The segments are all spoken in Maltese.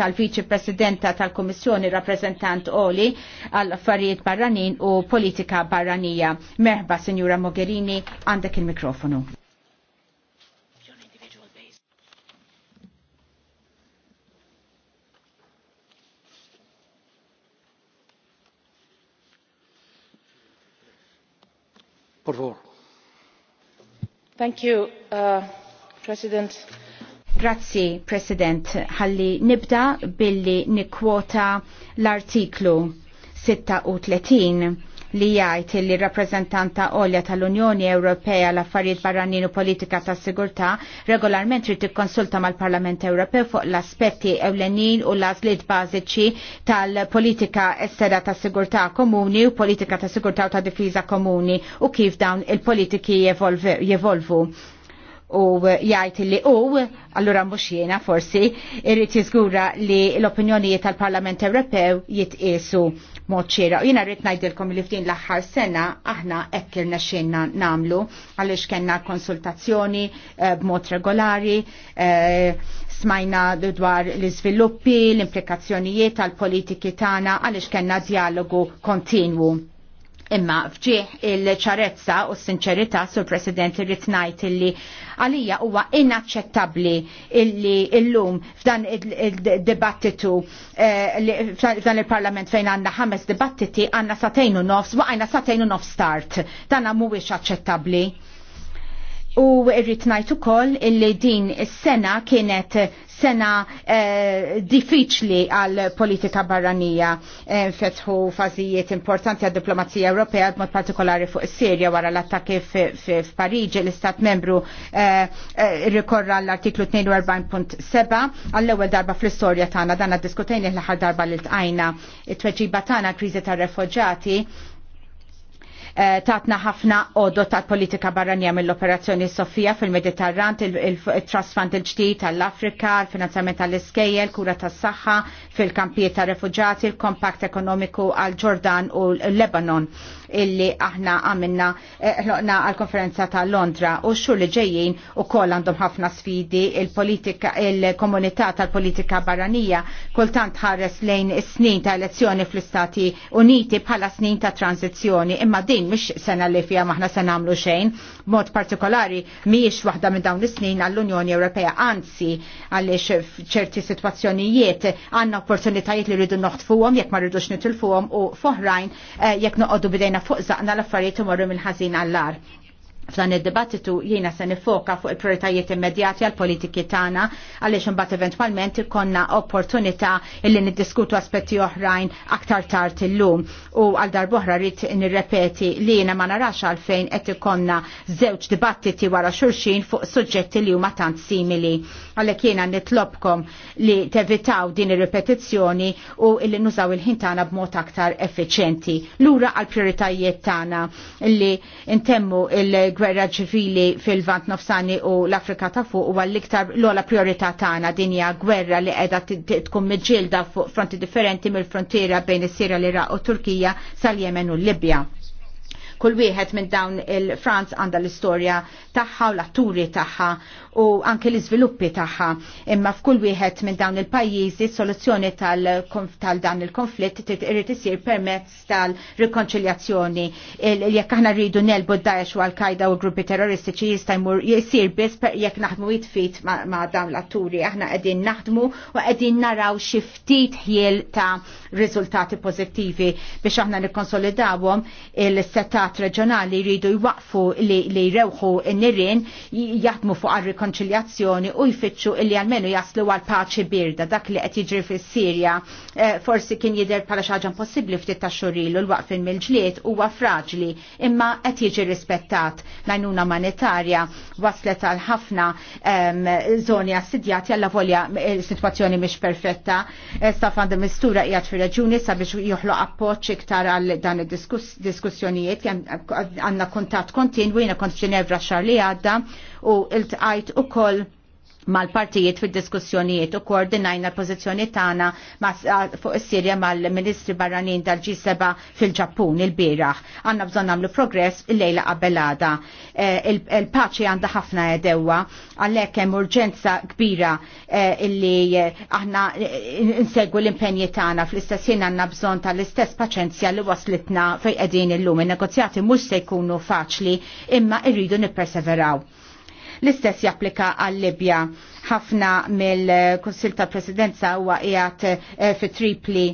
tal-Viċi Presidenta tal-Komissjoni Rappresentant Oli għall-Affarijiet Barranin u Politika Barranija. Merba, Signora Mogherini, għandek il-mikrofonu. Thank you, uh, President. Grazzi, President. Ħalli nibda billi nikwota l-artiklu 36 li jgħid li rappreżentanta olja tal-Unjoni Ewropea l-affarijiet barranin u politika ta' sigurtà regolarment trid tikkonsulta mal-Parlament Ewropew fuq l-aspetti ewlenin u l-għażliet bażiċi tal-politika estera ta' sigurtà komuni u politika ta' sigurtà u ta' difiża komuni u kif dawn il-politiki jevolvu u jgħid li u, allura mhux jiena forsi, irrit jiżgura li l-opinjonijiet tal-Parlament Ewropew jitqiesu mod ċira. U jiena rrid ngħidilkom li ftin l-aħħar sena aħna hekk irnexxielna nagħmlu għaliex kellna konsultazzjoni eh, b'mod regolari, eh, smajna dwar l-iżviluppi, l-implikazzjonijiet tal-politiki tagħna għaliex kellna dialogu kontinwu Imma fġieħ il-ċarezza u s-sinċerità sur President irrid ngħid illi għalija huwa inaċċettabbli illi illum f'dan id-dibattitu eh, f'dan il-Parlament fejn għandna ħames dibattiti għandna satejnu nofs waqajna satejnu nofs start. Dan mhuwiex aċċettabbli. U irrit najtu kol illi din is-sena kienet sena eh, diffiċli għal politika barranija eh, fetħu fażijiet importanti għad diplomazija Ewropea b'mod partikolari fuq is-Sirja wara l-attakki f'Pariġi l-Istat membru eh, eh, rikorra l-artiklu 42.7 għall-ewwel darba fl-istorja tagħna dan diskutejni l-aħħar darba li tqajna it-tweġiba tagħna kriżi tar-refuġati Eh, tatna ħafna odo tal-politika barranija mill-operazzjoni Sofija fil-Mediterran, il-Trust Fund il-ġdijt tal-Afrika, il-finanzjament tal-iskejjel, kura tas-saħħa, fil-kampijiet ta' refugġati, il-kompakt ekonomiku għal-Ġordan u l-Lebanon illi aħna għamilna eh, ħloqna għal-konferenza ta' Londra u xur li ġejjin u koll għandhom ħafna sfidi il-politika il-komunità tal-politika barranija kultant ħares lejn is-snin ta' elezzjoni fl-Istati Uniti bħala snin ta' tranzizzjoni imma din mhux sena li fija maħna se nagħmlu xejn, mod partikolari mhijiex waħda minn dawn is-snin għall-Unjoni Ewropea, anzi għaliex f'ċerti sitwazzjonijiet għandna opportunitajiet li rridu noħtfuhom jekk ma rridux nitilfuhom u foħrajn eh, jekk noqogħdu bidejna fuq zaqna l-affarijiet imorru mill-ħażin għall-ar. F'dan id-dibattitu jiena se nifoka fuq il-prioritajiet immedjati għal politiki tagħna għaliex imbagħad eventwalment ikonna opportunità illi niddiskutu aspetti oħrajn aktar tard illum. U għal oħra rrid nirrepeti li jiena ma narax għalfejn qed ikonna żewġ dibattiti wara xulxin fuq suġġetti li huma tant simili Għalhekk jiena nitlobkom li tevitaw din ir-ripetizzjoni u illi nużaw il-ħin tagħna b'mod aktar effiċenti. Lura għal prioritajiet tagħna li intemmu il-gwerra ċivili fil-Vant Nofsani u l-Afrika ta' fuq huwa l-iktar l-ola priorità tagħna din hija gwerra li qiegħda tkun miġġielda fuq fronti differenti mill-frontiera bejn is-Sirja l-Iraq u Turkija sal jemen u l-Libja kull wieħed minn dawn il-Franz għandha l-istorja tagħha u l-atturi tagħha u anke l-iżviluppi tagħha. Imma f'kull wieħed minn dawn il-pajjiżi soluzzjoni tal-dan il-konflitt irid isir permezz tal-rikonċiljazzjoni. Jekk aħna rridu nelbu d-Daesh u Al-Qaeda u gruppi terroristiċi jista' jmur jisir biss jekk naħdmu jitfit ma' dawn l-atturi. Aħna qegħdin naħdmu u qegħdin naraw xi ftit ħiel ta' riżultati pożittivi biex aħna nikkonsolidawhom il-settat reġjonali jridu jwaqfu li jrewħu n-nirien jaħdmu fuq rekonċiljazzjoni u jfittxu illi għalmenu jaslu għal paċi birda dak li qed jiġri fis-Sirja eh, forsi kien jidher bħala xi ħaġa impossibbli ftit ta' u l-waqfin mill-ġlied huwa fraġli imma qed jiġi rispettat l-għajnuna monetarja waslet għal ħafna ehm, żoni assidjati għalla volja eh, situazzjoni mhix perfetta. Eh, Stafan de Mistura qiegħed fir reġjuni sabiex joħloq appoġġ iktar għal dan id-diskussjonijiet għandna kuntatt kontinwi jiena kont f'Ġenevra xahar li għadda u iltqajt u koll mal-partijiet fil-diskussjonijiet u koordinajna l-pozizjoni tagħna fuq is-Sirja mal-Ministri Barranin tal-G7 fil-Ġappun il-bieraħ. Għandna bżonn nagħmlu progress il-lejla qabelada. Eh, il-paċi għandha ħafna edewa għalhekk hemm urġenza kbira eh, illi eh, aħna insegwu l-impenji tagħna fl-istess jien għandna bżonn tal-istess paċenzja li waslitna fejn qegħdin illum. In-negozjati mhux se jkunu faċli imma rridu nipperseveraw. L-istess japplika għal-Libja. Ħafna mill-Konsil tal-Presidenza huwa qiegħed eh, fi tripli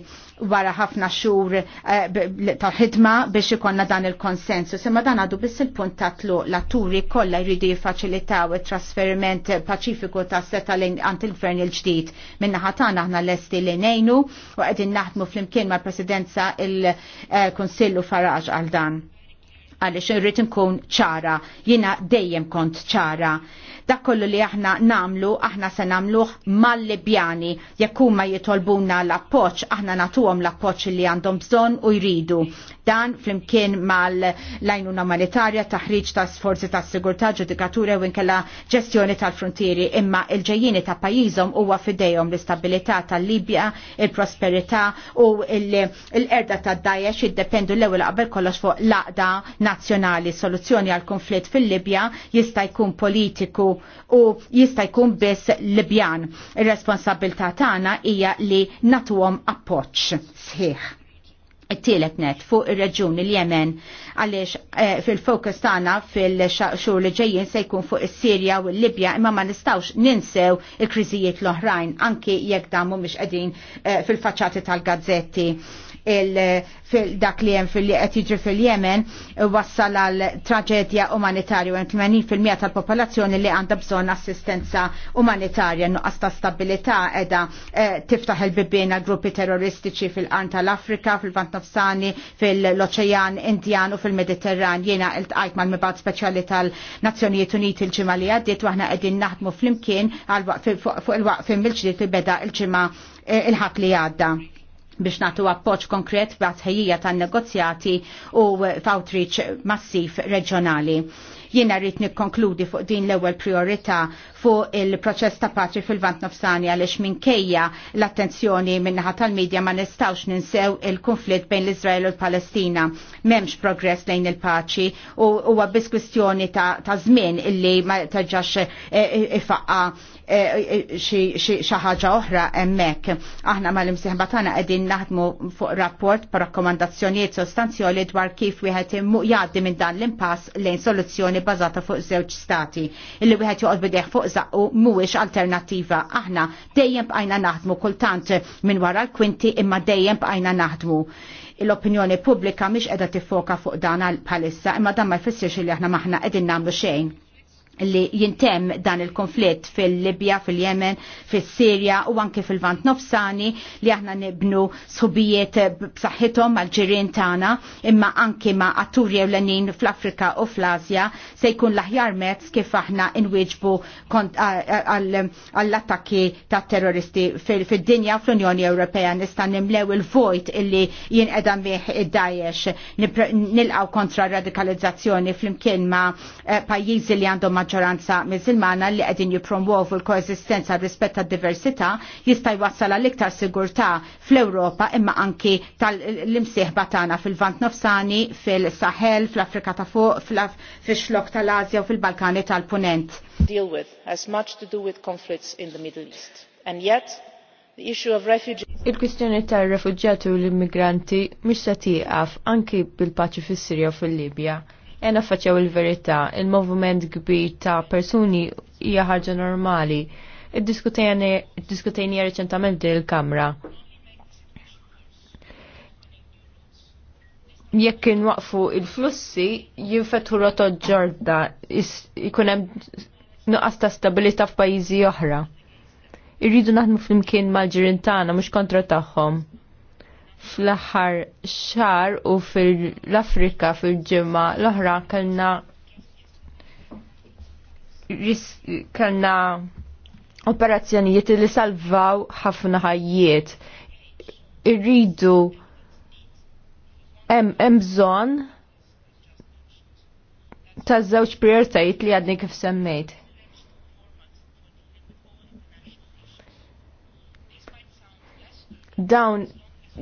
wara ħafna xhur eh, ta' ħidma biex ikonna dan il-konsensus. Imma dan għadu biss il-punt ta' tluq l-atturi kollha jridu jiffaċilitaw it-trasferiment paċifiku ta' seta għand il-gvern il-ġdid. Minnaħa tagħna aħna lesti li ngħinu u qegħdin naħdmu flimkien mal-Presidenza il-Kunsillu eh, Faraġ għal dan għaliex irrid nkun ċara, jiena dejjem kont ċara. Dak kollu li aħna namlu, aħna se namluħ mal-Libjani. Jekk huma jitolbuna l-appoġġ, aħna nagħtuhom l-appoġġ li għandhom bżonn u jridu. Dan flimkien mal-lajnuna umanitarja, taħriġ ta' sforzi ta' sigurtà, ġudikatura u inkella ġestjoni tal-frontieri, imma il-ġejjini ta' pajjiżhom huwa fidejhom l-istabilità tal-Libja, il-prosperità u l-erda ta' Daesh jiddependu l-ewwel qabel kollox fuq laqda nazzjonali soluzzjoni għal konflitt fil-Libja jista' jkun politiku u jista' jkun biss Libjan. Ir-responsabilità tagħna hija li natuhom appoġġ sħiħ. Tielet net fuq ir reġuni l jemen għaliex eh, fil-fokus tagħna fil-xhur li ġejjin se jkun fuq is-Sirja u l-Libja imma ma nistgħux ninsew il-kriżijiet l-oħrajn anki jekk dan mhumiex qegħdin eh, fil-faċċati tal-gazzetti dak li hemm fil qed jiġri fil-Yemen wassal għal traġedja umanitarja u 80% tal-popolazzjoni li għandha bżonn assistenza umanitarja nuqqas ta' stabilità qiegħda eh, tiftaħ il-bibien għal gruppi terroristiċi fil-qarn tal-Afrika, fil-Vant Nofsani, fil-Oċean Indjan u fil-Mediterran. Jiena tqajt mal mibad speċjali tal-Nazzjonijiet Uniti l-ġimgħa li għaddiet waħna qegħdin naħdmu flimkien fuq il-waqfim il-ġdid li beda il-ġimgħa eh, il-ħat li għadda biex natu appoċ konkret b'għatħejja tan negozjati u fawtriċ massif reġjonali. Jiena rrit nikkonkludi fuq din l-ewwel priorità fuq il-proċess ta' paċi fil-vant nofsani għaliex minkejja l-attenzjoni minnaħa tal-medja ma nistawx ninsew il-konflitt bejn l-Izrael u l-Palestina. M'hemmx progress lejn il-paċi u huwa biss kwistjoni ta' żmien illi ma terġax eh, ifaqqa Eh, eh, xi ħaġa oħra hemmhekk. Aħna mal-imsieħba tagħna qegħdin naħdmu fuq rapport pa' rakkomandazzjonijiet sostanzjoli dwar kif wieħed jgħaddi minn dan l-impass lejn soluzzjoni bażata fuq żewġ stati. Illi wieħed joqgħod bideh fuq zaqqu mhuwiex alternattiva. Aħna dejjem bqajna naħdmu kultant minn wara l-kwinti imma dejjem bqajna naħdmu l-opinjoni pubblika mhix qiegħda tiffoka fuq dan bħalissa imma dan ma jfissirx li aħna maħna qegħdin nagħmlu xejn li jintem dan il-konflitt fil-Libja, fil-Jemen, fil-Sirja u anke fil-Vant Nofsani li aħna nibnu subijiet b'saħħithom mal-ġirien tagħna imma anke ma' atturi ewlenin fl-Afrika u fl-Asja se jkun l-aħjar mezz kif aħna inwieġbu għall-attakki ta' terroristi fid-dinja fl-Unjoni Ewropea nista' nimlew il-vojt illi jinqeda bih id-Daesh nilqaw kontra radikalizzazzjoni flimkien ma' eh, pajjiżi li għandhom maġġoranza mizilmana li għedin jipromuovu l-koesistenza rispetta diversita diversità jista' jwassal għal iktar sigurta fl europa imma anki tal-imsieħba tagħna fil-Vant Nofsani, fil-Sahel, fil afrika ta' fuq, fil xlok tal azja u fil-Balkani tal-Punent. Deal with has much to do with conflicts in the Middle East. And yet the issue of refugees Il-kwistjoni tal refuġġjati u l-immigranti mhix se tieqaf anki bil-paċi fis-Sirja u fil-Libja jena faċew il-verità, il-movement kbir ta' persuni hija ħaġa normali. Id-diskutejni reċentament din il-Kamra. Jekk kien waqfu il-flussi, jinfetħu rotot ġorda, jkun hemm nuqqas ta' stabilità f'pajjiżi oħra. Irridu naħdmu flimkien mal ġirintana mhux kontra tagħhom fl-aħħar xar u fil-Afrika fil-ġimma l-oħra kellna kellna operazzjonijiet li salvaw ħafna ħajjiet. Irridu hemm bżonn ta' żewġ prioritajiet li għadni kif semmejt. Dawn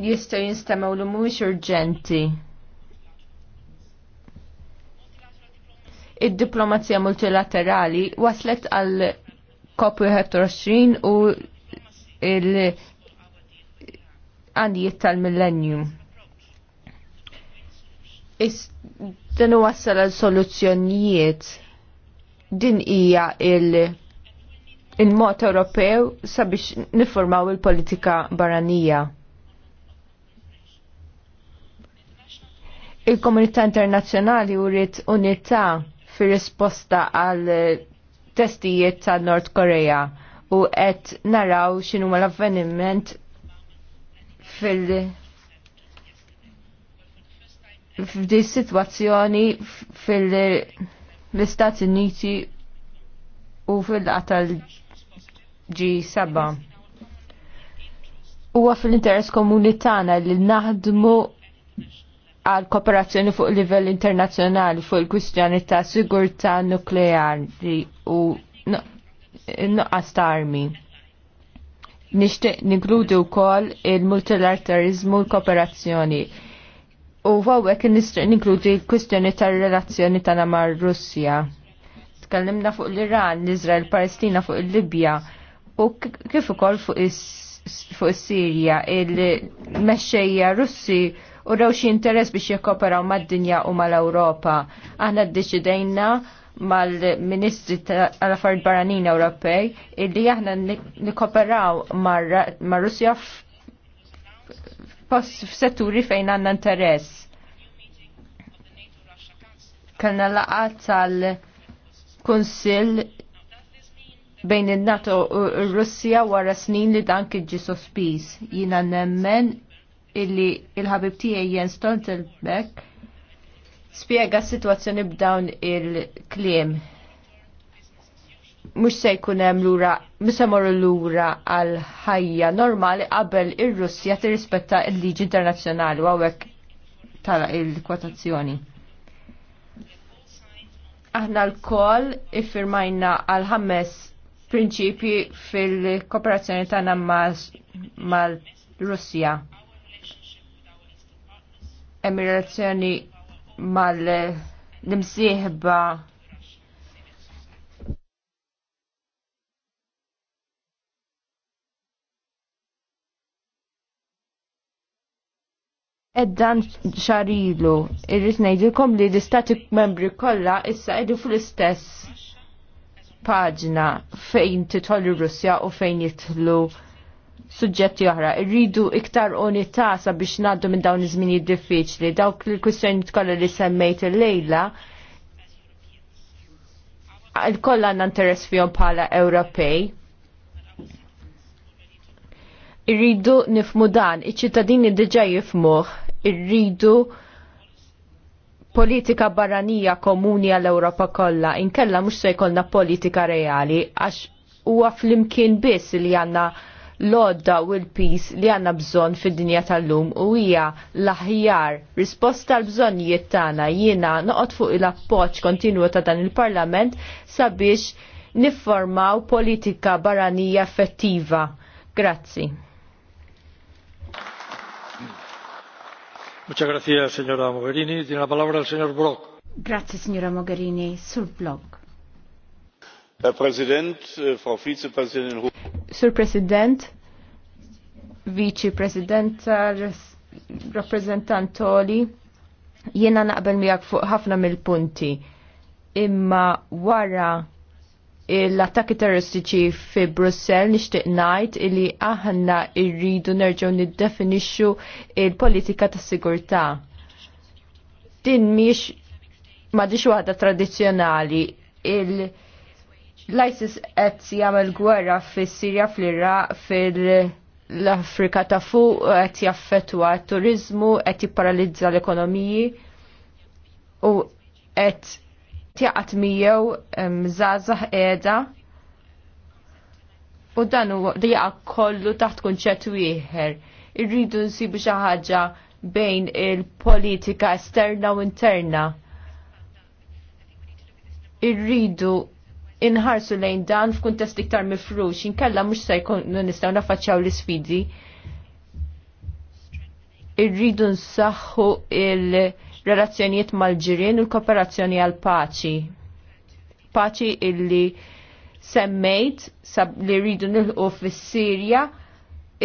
jistgħu jinstemaw li mhuwiex urġenti. Id-diplomazija multilaterali waslet għal COP21 u il għandijiet tal-millennium. Dan wassal għal soluzzjonijiet din hija il- il-mod Ewropew sabiex niformaw il-politika barranija. Il-komunità internazzjonali urid unità fir risposta għal testijiet ta' Nord Korea u qed naraw x'inhu l-avveniment fil f'di situazzjoni fil-Istati Uniti u fil-qatal G7. Huwa fil-interess komunitana li naħdmu għal kooperazzjoni fuq livell internazzjonali fuq il-kwistjoni ta' sigurtà nukleari u nuqqas ta' armi. Nixtieq nigrudu wkoll il-multilateralizmu u l-kooperazzjoni. U għawek nishtiq ninkludi l-kwistjoni tar-relazzjoni tagħna mar Russja. Tkellimna fuq l-Iran, l-Iżrael, Palestina, fuq il-Libja u kif ukoll fuq is-Sirja, il-mexxejja Russi u rew xi interess biex jikkoperaw mad-dinja u mal-Ewropa. Aħna d-deċidejna mal-Ministri tal-Affarijiet Barranin Ewropej illi aħna nikkoperaw mar-Russja f'setturi fejn għandna interess. Kellna laqgħa tal-Kunsill bejn il-NATO u r-Russja wara snin li dan kien ġi sospiż. Jina nemmen illi il-ħabib tiegħi Jens Stoltenberg spjega s-sitwazzjoni b'dawn il-kliem. Mhux se jkun hemm lura mhux lura għal ħajja normali qabel ir-Russja tirrispetta l-liġi internazzjonali u hawnhekk tara il-kwotazzjoni. Aħna l kol iffirmajna għal ħames prinċipji fil-kooperazzjoni tagħna mal-Russja. Ma hemm relazzjoni mal-imsieħba Eddan xarilu, irrit ngħidilkom li l-istati membri kollha issa qegħdu fl-istess paġna fejn ir Russja u fejn jitlu suġġetti oħra, rridu iktar unità sabiex ngħaddu minn dawn iż-żminijiet diffiċli, dawk il-kwistjoni kollha li semmejt il-lejla kollha għandna interess fihom bħala Ewropej. Irridu nifmu dan, iċ-ċittadini diġà jifmuh, irridu politika barranija komuni għall-Ewropa kollha, inkella mhux se jkollna politika reali għax huwa flimkien biss li għandna l-odda u l peace li għanna bżon fid-dinja tal-lum u hija l-aħjar risposta l-bżonjiet tagħna jiena noqgħod fuq il-appoġġ kontinwu ta' dan il-Parlament sabiex nifformaw politika barranija effettiva. Grazzi. Muchas gracias, señora Mogherini. Tiene la palabra el señor Brock. Grazie, signora Mogherini. Sul blog. Äh, Sur President, Viċi President, äh, Rappresentantoli, jiena naqbel miegħek fuq ħafna mill-punti. Imma wara l-attakki terroristiċi fi Brussel nixtieq ngħid illi aħna rridu nerġgħu niddefinixxu il-politika ta' sigurtà. Din mhix m'għadix waħda tradizzjonali il- l-ISIS qed jagħmel gwerra fis-Sirja fl-Iraq fil-Afrika ta' fuq qed jaffettwa t-turizmu qed jipparalizza l-ekonomiji u qed tjaqat miegħu żgħażagħ qiegħda u dan huwa jaqgħa kollu taħt kunċett wieħed. Irridu nsibu xi ħaġa bejn il-politika esterna u interna. Irridu inħarsu lejn dan f'kuntest iktar mifrux, inkella mhux se jkunu nistgħu nafaċċaw l-isfidi. Irridu nsaħħu il-relazzjonijiet mal-ġirien u l-kooperazzjoni għal paċi. Paċi illi semmejt sab li rridu nilħu fis-Sirja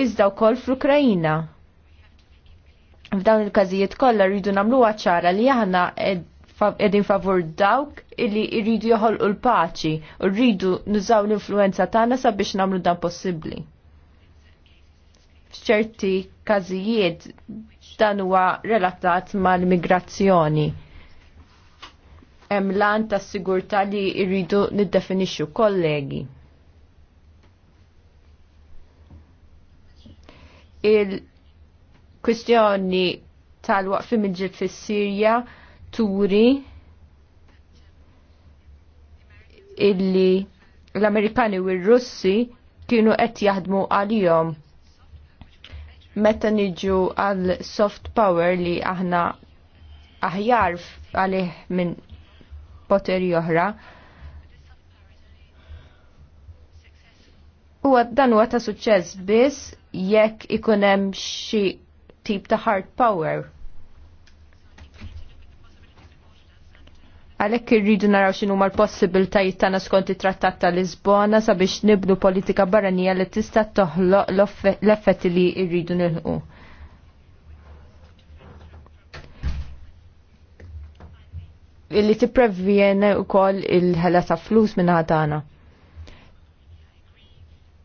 iżda wkoll fl-Ukrajina. F'dawn il-każijiet kollha rridu nagħmluha ċara li aħna edin favur dawk illi irridu joħolqu l-paċi u rridu nużaw l-influenza tagħna sabiex nagħmlu dan possibbli. F'ċerti każijiet dan huwa relatat mal-migrazzjoni. Hemm lan tas-sigurtà li rridu niddefinixxu kollegi. Il-kwistjoni tal-waqfim il-ġib fis-Sirja il kwistjoni tal waqfim il ġib fis sirja turi illi l-Amerikani u r-Russi kienu qed jaħdmu għalihom. Meta niġu għal soft power li aħna aħjar għalih minn poteri oħra, u dan huwa ta' suċċess biss jekk ikun hemm xi tip ta' hard power Għalhekk irridu naraw x'inhu l possibiltajiet tagħna skont it-Trattat ta' Lisbona sabiex nibnu politika barranija li tista' toħloq l-effetti li rridu nilħu. Illi u kol il-ħela ta' flus minn ħadana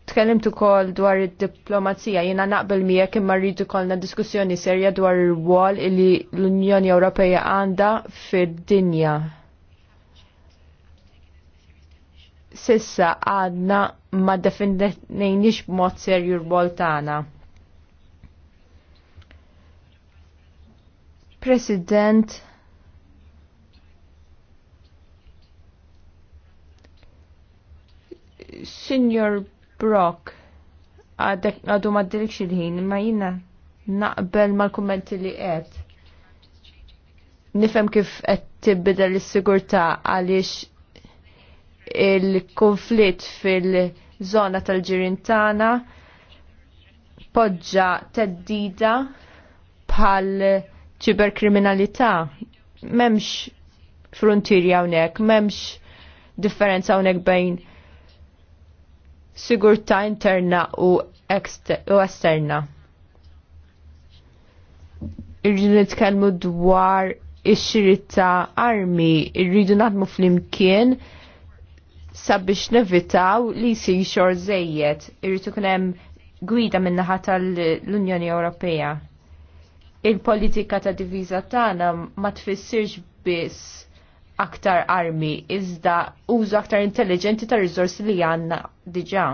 Tkellimtu kol dwar id-diplomazija, jiena naqbel miegħek imma rridu kollna diskussjoni serja dwar ir wall li l-Unjoni Ewropea għandha fid-dinja. sissa għadna ma definejniex b'mod serju r boltana tagħna. President Signor Brock għadu ma d il-ħin ma jina naqbel mal-kommenti li għed. nifem kif qed tibbidel is-sigurtà għaliex il-konflitt fil-żona tal-ġirintana poġġa teddida bħal ċiberkriminalità. Memx frontieri hawnhekk, memx differenza hawnhekk bejn sigurtà interna u, u esterna. Irridu nitkellmu dwar ix-xiri ta' armi, irridu naħdmu flimkien sabiex nevitaw li si xor zejjed irritu kunem gwida minnaħa tal-Unjoni Ewropea. Il-politika ta' diviża tagħna ma tfissirx biss aktar armi, iżda użu aktar intelligenti ta' riżorsi li għandna diġà.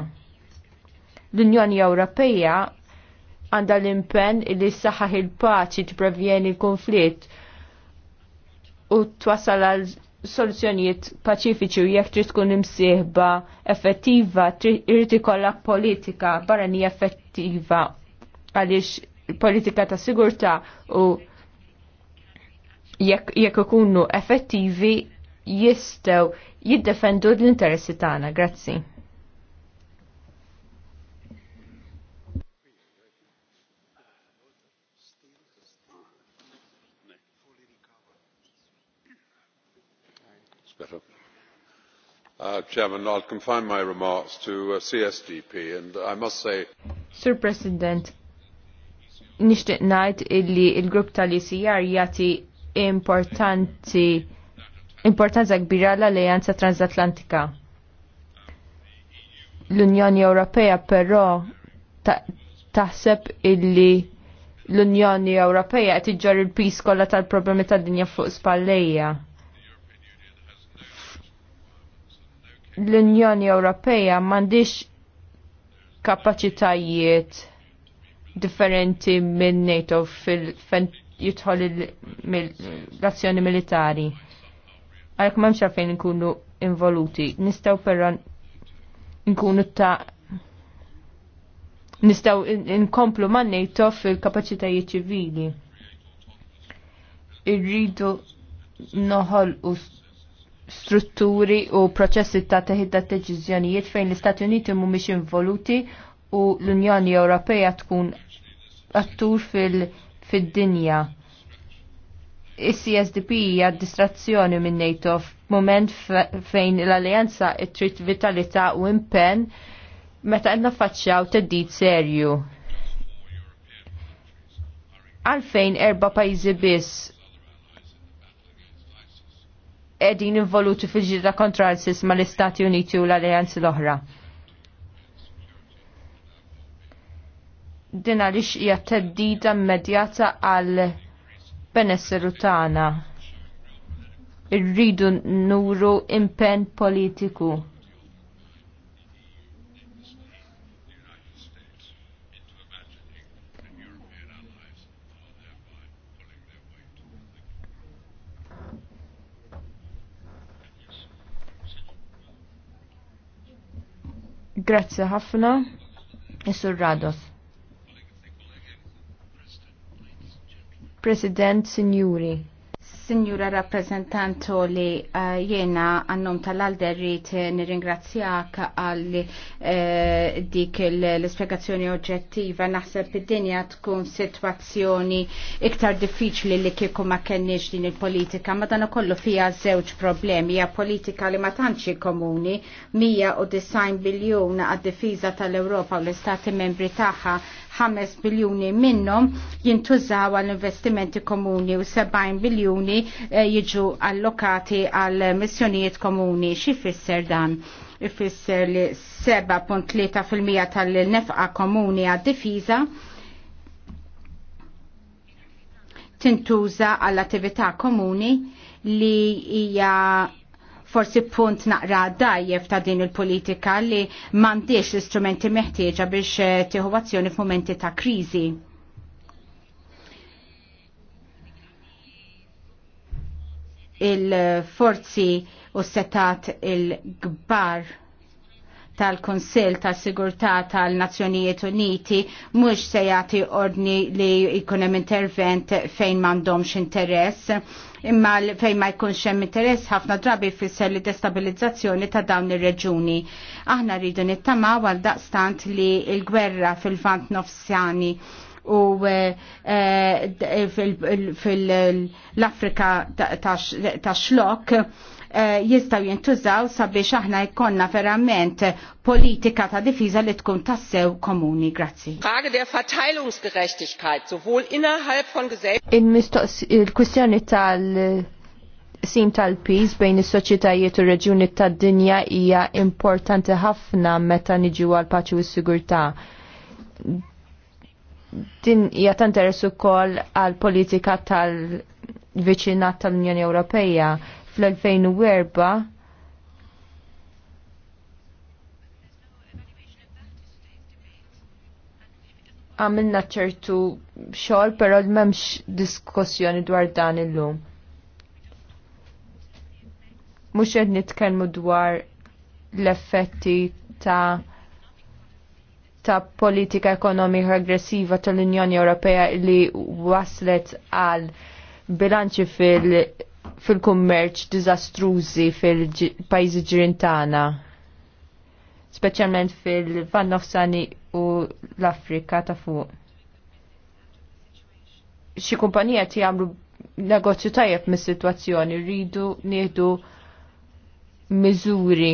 L-Unjoni Ewropea għandha l-impenn li saħaħ il-paċi t l-konflitt u twasal għal soluzzjonijiet paċifiċi u jekk trid tkun imsieħba effettiva trid ikollha politika barranija effettiva għaliex politika ta' sigurtà u jekk jekk ikunu effettivi jistgħu jiddefendu l-interessi tagħna. Grazzi. Uh, Chairman, I'll confine my remarks to uh, CSDP Sir President, nixtieq ngħid illi il-grupp tal-ICR jagħti importanti importanza kbira l-Alleanza Transatlantika. L-Unjoni Ewropea però taħseb illi l-Unjoni Ewropea qed iġġor il-pis kollha tal-problemi tad-dinja fuq spallejja l-Unjoni Ewropea m'għandix kapaċitajiet differenti minn NATO fil-fen jitħol l-azzjoni militari. Għalhekk m'hemmx fejn nkunu involuti. Nistgħu però nkunu ta' nistaw inkomplu ma' NATO fil-kapacitajiet ċivili. Irridu noħol u strutturi u proċessi ta' teħidda deċiżjonijiet fejn l-Istati Uniti mhumiex involuti u l-Unjoni Ewropea tkun attur fil-dinja. Is-CSDP hija distrazzjoni minn NATO f'mument fejn l-Alleanza trid vitalità u impenn meta qed naffaċċjaw teddid serju. Għalfejn erba' pajjiżi biss edin involuti fil-ġidra kontra l-sis ma l-Istati Uniti u l-Alleanzi l-oħra. Din li hija teddida immedjata għal benesseru tagħna. Irridu nuru impenn politiku. Grazie ħafna, Isur Rados. President Signuri. Signora rappresentanto li uh, jena għannum tal-alderrit nirringrazzjak għal uh, dik l-spiegazzjoni oġġettiva naħseb id-dinja tkun situazzjoni iktar diffiċli li kieku ma kenniex din il-politika ma dan kollu fija żewġ problemi hija politika li ma tantxi komuni mija u design biljun għad-difiża tal-Ewropa u l-Istati membri tagħha 5 biljuni minnhom jintużaw għall investimenti komuni u 70 biljuni eh, jiġu allokati għal missjonijiet komuni. Xi fisser dan? Ifisser li 7.3% tal-nefqa komuni għad-difiża tintuża għall attività komuni li hija forsi punt naqra dajjef ta' din il-politika li mandiex l-istrumenti meħtieġa biex eh, tieħu azzjoni f'momenti ta' kriżi. Il-forzi u setat il-gbar tal-Konsil ta' Sigurtà tal-Nazzjonijiet Uniti mhux se jagħti ordni li jkun hemm intervent fejn m'għandhomx interess imma fejn ma jkunx hemm interess ħafna drabi jfisser li destabilizzazzjoni ta' dawn ir-reġuni. Aħna rridu nittamaw għal daqstant li l-gwerra fil-vant nofsjani u fil-Afrika ta' xlok Eh, jistaw jintużaw sabiex aħna jkonna verament politika ta' difiża li tkun tassew komuni. Grazzi. Frage der Verteilungsgerechtigkeit sowohl innerhalb von Il-kwistjoni tal- sim tal-peace bejn is-soċjetajiet u reġjuni tad-dinja hija importanti ħafna meta niġu għal paċi u s-sigurtà. Din hija tinteress ukoll għal politika tal-viċinat tal-Unjoni Ewropea fl-2004 għamilna ċertu xogħol però m'hemmx diskussjoni dwar dan illum. Mhux qed nitkellmu dwar l-effetti ta' ta' politika ekonomika aggressiva tal-Unjoni Ewropea li waslet għal bilanċi fil- fil-kummerċ dizastruzi fil-pajzi ġirintana, specialment fil-Van Nofsani u l-Afrika ta' fuq. Xi kumpanija ti għamlu negozju tajjeb mis situazzjoni rridu nieħdu miżuri.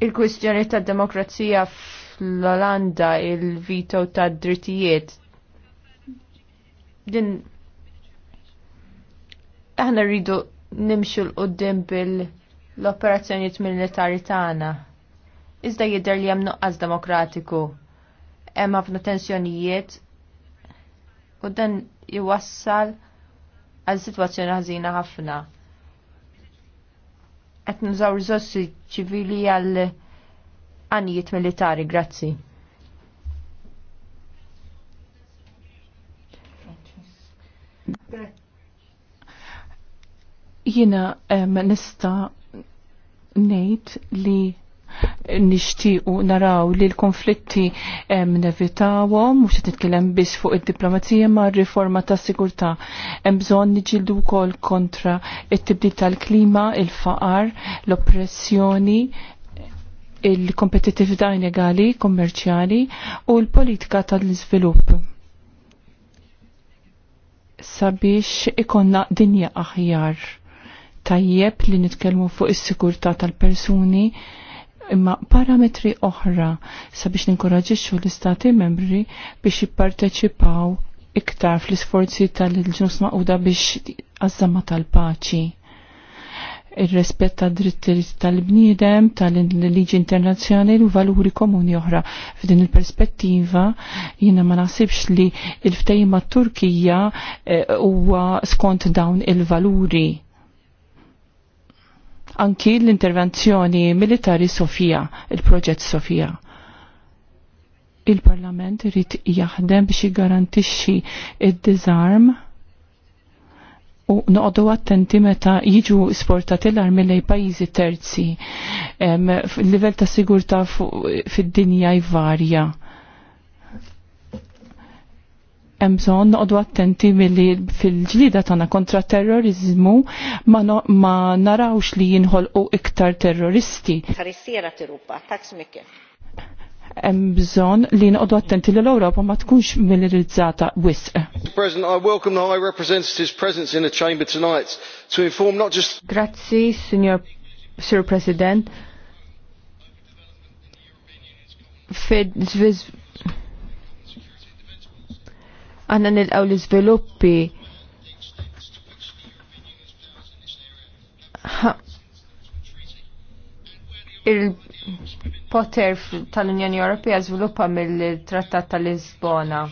Il-kwistjoni tad demokrazija fl-Olanda il-vito tad drittijiet din aħna rridu nimxu l-qoddim bil-operazzjonijiet militari tagħna. Iżda jidher li hemm nuqqas demokratiku, hemm ħafna tensjonijiet u dan jwassal għal sitwazzjoni ħażina ħafna. Qed nżaw riżorsi ċivili għal għanijiet militari, grazzi. Jina nista nejt li nishtiqu naraw li l-konflitti nevitawhom mhux qed titkellem biss fuq id-diplomazija ma riforma ta' sigurtà. Hemm bżonn niġildu wkoll kontra it-tibdil tal-klima, il-faqar, l-oppressjoni, il-kompetitività illegali, kommerċjali u l-politika tal-iżvilupp sabiex ikonna dinja aħjar tajjeb li nitkellmu fuq is-sigurtà tal-persuni imma parametri oħra sabiex ninkoraġixxu l-istati membri biex jipparteċipaw iktar fl-isforzi tal-ġnus maquda biex għazzama tal-paċi. Ir-rispett tad dritti tal-bniedem, tal-liġi internazzjonali u valuri komuni oħra. F'din il-perspettiva jiena ma naħsibx li il-ftejma Turkija eh, huwa skont dawn il-valuri anki l-intervenzjoni militari Sofija, il-proġett Sofija. Il-Parlament irid jaħdem biex jgarantixxi id-disarm u noqdu attenti meta jiġu sportati l-armi lej pajjiżi terzi. Livell ta' sigurta fid-dinja jvarja hemm bżonn noqogħdu attenti milli fil-ġlida tagħna kontra terrorizmu ma, no, ma narawx li jinħolqu iktar terroristi. Hemm bżonn li noqogħdu attenti li l europa ma tkunx militarizzata wisq. Just... Grazzi, Signor Sir President. Fid Għanna nilqaw l sviluppi il-poter tal-Unjoni Ewropea żviluppa mill-Trattat tal-Lisbona.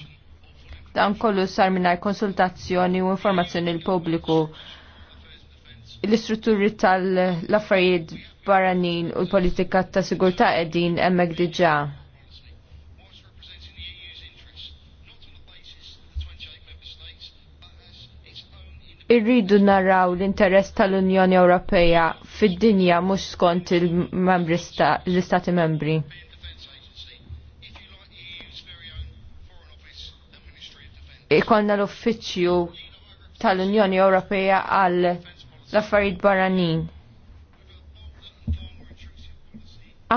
Dan kollu sar mingħajr konsultazzjoni u informazzjoni l pubbliku l-istrutturi tal-affarijiet barranin u l-politika ta' sigurtà qegħdin hemmhekk diġà. irridu naraw l-interess tal-Unjoni Ewropea fid-dinja mhux skont l-Istati membri. Ikonna l-Uffiċċju tal-Unjoni Ewropea għal l-affarijiet barranin.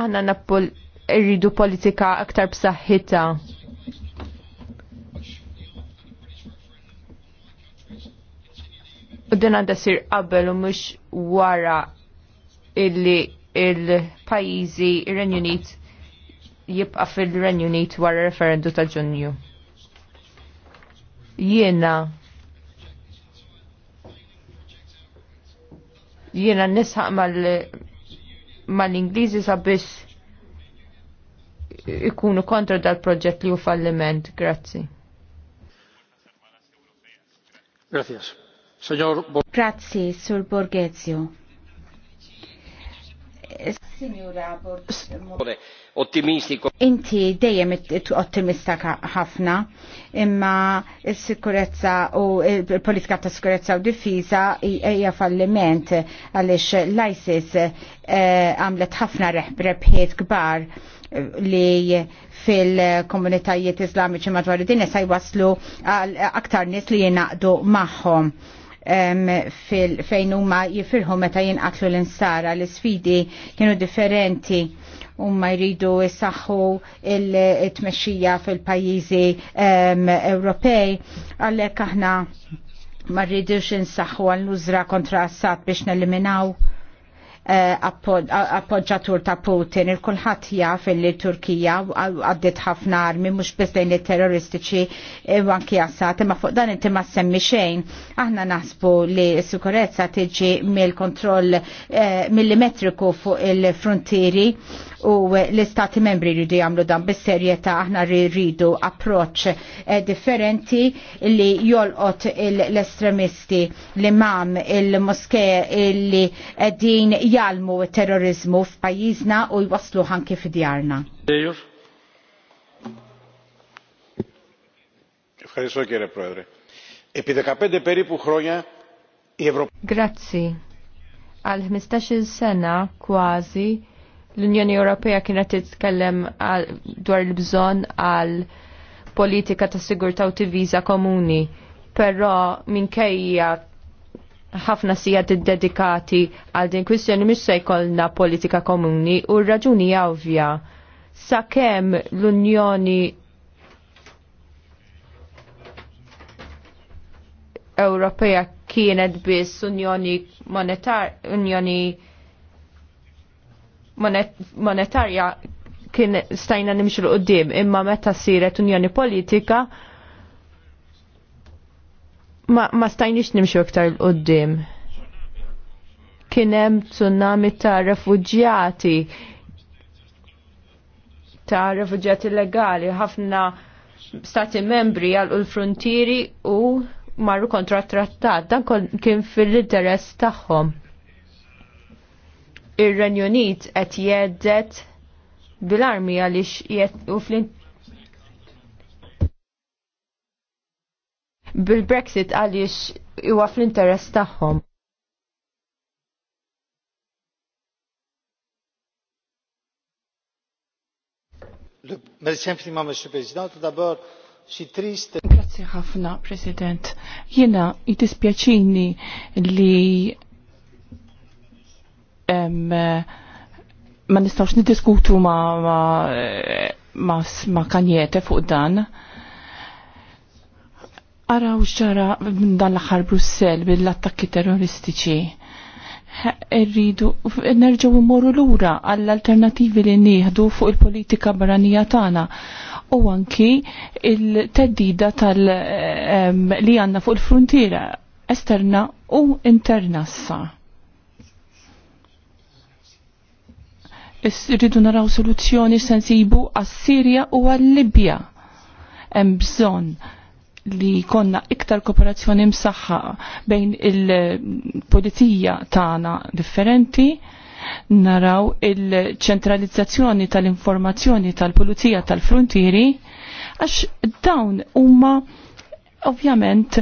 Aħna nappu irridu politika aktar b'saħħitha. U din għandha sir qabel u mhux wara illi il-pajjiżi il renju jibqa' fil-Renju Unit wara referendu ta' Ġunju. Jiena jiena nisħaq mal-Ingliżi mal sabiex ikunu kontra dal-proġett li u falliment. Grazzi. Grazie. Grazie, Grazzi, Sur Borghezio. Signora Borghezio. Inti dejjem ottimista ħafna, imma s-sikurezza u l-politika ta' sikurezza u difiża hija falliment għaliex l-ISIS eh, għamlet ħafna rebħiet kbar eh, li fil-komunitajiet islamiċi madwar id-dinja sa' jwaslu aktar nies li jinaqdu magħhom fejn huma jifirħu meta jinqatlu l-insara, l-sfidi kienu differenti umma jridu jisaxħu il-tmexxija fil-pajjiżi Ewropej, għalhekk aħna ma rridux insaħħu għall-użra kontra Assad biex neliminaw Eh, appoġġatur ta' Putin, il-kulħat jaf li Turkija għaddit ħafna armi, mux bizdejn li terroristiċi wanki eh, jassat, imma fuq dan inti ma' semmi xejn. Aħna naħsbu li s-sikurezza tiġi mill-kontroll eh, millimetriku fuq il-frontieri u l-istati membri rridu jagħmlu dan bis-serjetà aħna rridu approċċ eh, differenti li jolqot l-estremisti l-imam il moske li qegħdin jalmu terrorizmu f'pajjiżna u jwaslu ħanki f'djarna. Ευχαριστώ κύριε Πρόεδρε. Επί 15 περίπου χρόνια η Ευρωπαϊκή... Grazzi. Għal 15 sena kważi l-Unjoni Ewropea kienet titkellem dwar il-bżonn għal politika ta' sigurtà u viża komuni, però minkejja ħafna sija dedikati għal din kwistjoni mhux se jkollna politika komuni u r-raġuni ovvja. Sakemm l-Unjoni Ewropea kienet biss Unjoni Monetar, Unjoni monetarja kien stajna nimxu l-qoddim imma meta siret unjoni politika ma, ma stajnix nimxu iktar l-qoddim. Kienem tsunami ta' refugjati ta' refugjati legali ħafna stati membri għal l-frontieri u marru kontra trattat dan kien fil-interess tagħhom ir-Renju Unit qed jeddet bil-armi għaliex u fl bil-Brexit għaliex huwa fl-interess tagħhom. Grazie ħafna, President. Jena jitispjaċini li ma nistawx niddiskutu ma ma, ma, ma kanjete fuq dan. Araw ġara minn dan l-aħħar Brussel bil-attakki terroristiċi. Irridu nerġgħu l lura għall-alternativi li nieħdu fuq il-politika barranija tagħna u anki il-teddida tal li għanna fuq il-frontiera esterna u interna sa' Irridu naraw soluzzjoni sensibu għas-Sirja u għal-Libja. Hemm bżonn li konna iktar kooperazzjoni msaħħa bejn il-polizija tagħna differenti, naraw il-ċentralizzazzjoni tal-informazzjoni tal-pulizija tal-frontieri, għax dawn huma ovvjament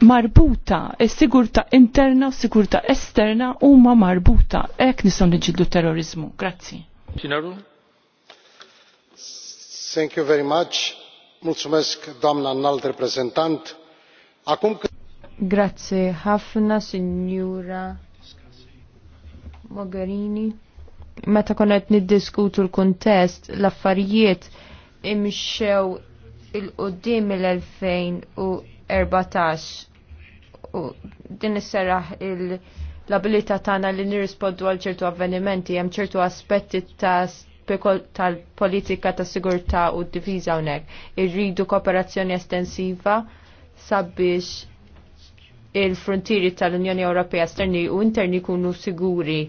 marbuta, e sigurta interna u sigurta esterna huma marbuta. Ek nisom nġildu terrorizmu. Grazzi. Thank you very much. Mulțumesc, doamna înalt reprezentant. Acum că... Grazie, ħafna, signora Mogherini. Meta konet niddiskutu l-kontest, l-affarijiet imxew il-qoddim il-2014 u din is-serraħ l-abilità tagħna li nirrispondu għal ċertu avvenimenti hemm ċertu aspetti ta' tal-politika ta' sigurtà u d-diviża hawnhekk. Irridu kooperazzjoni estensiva sabiex il-frontieri tal-Unjoni Ewropea esterni u interni kunu siguri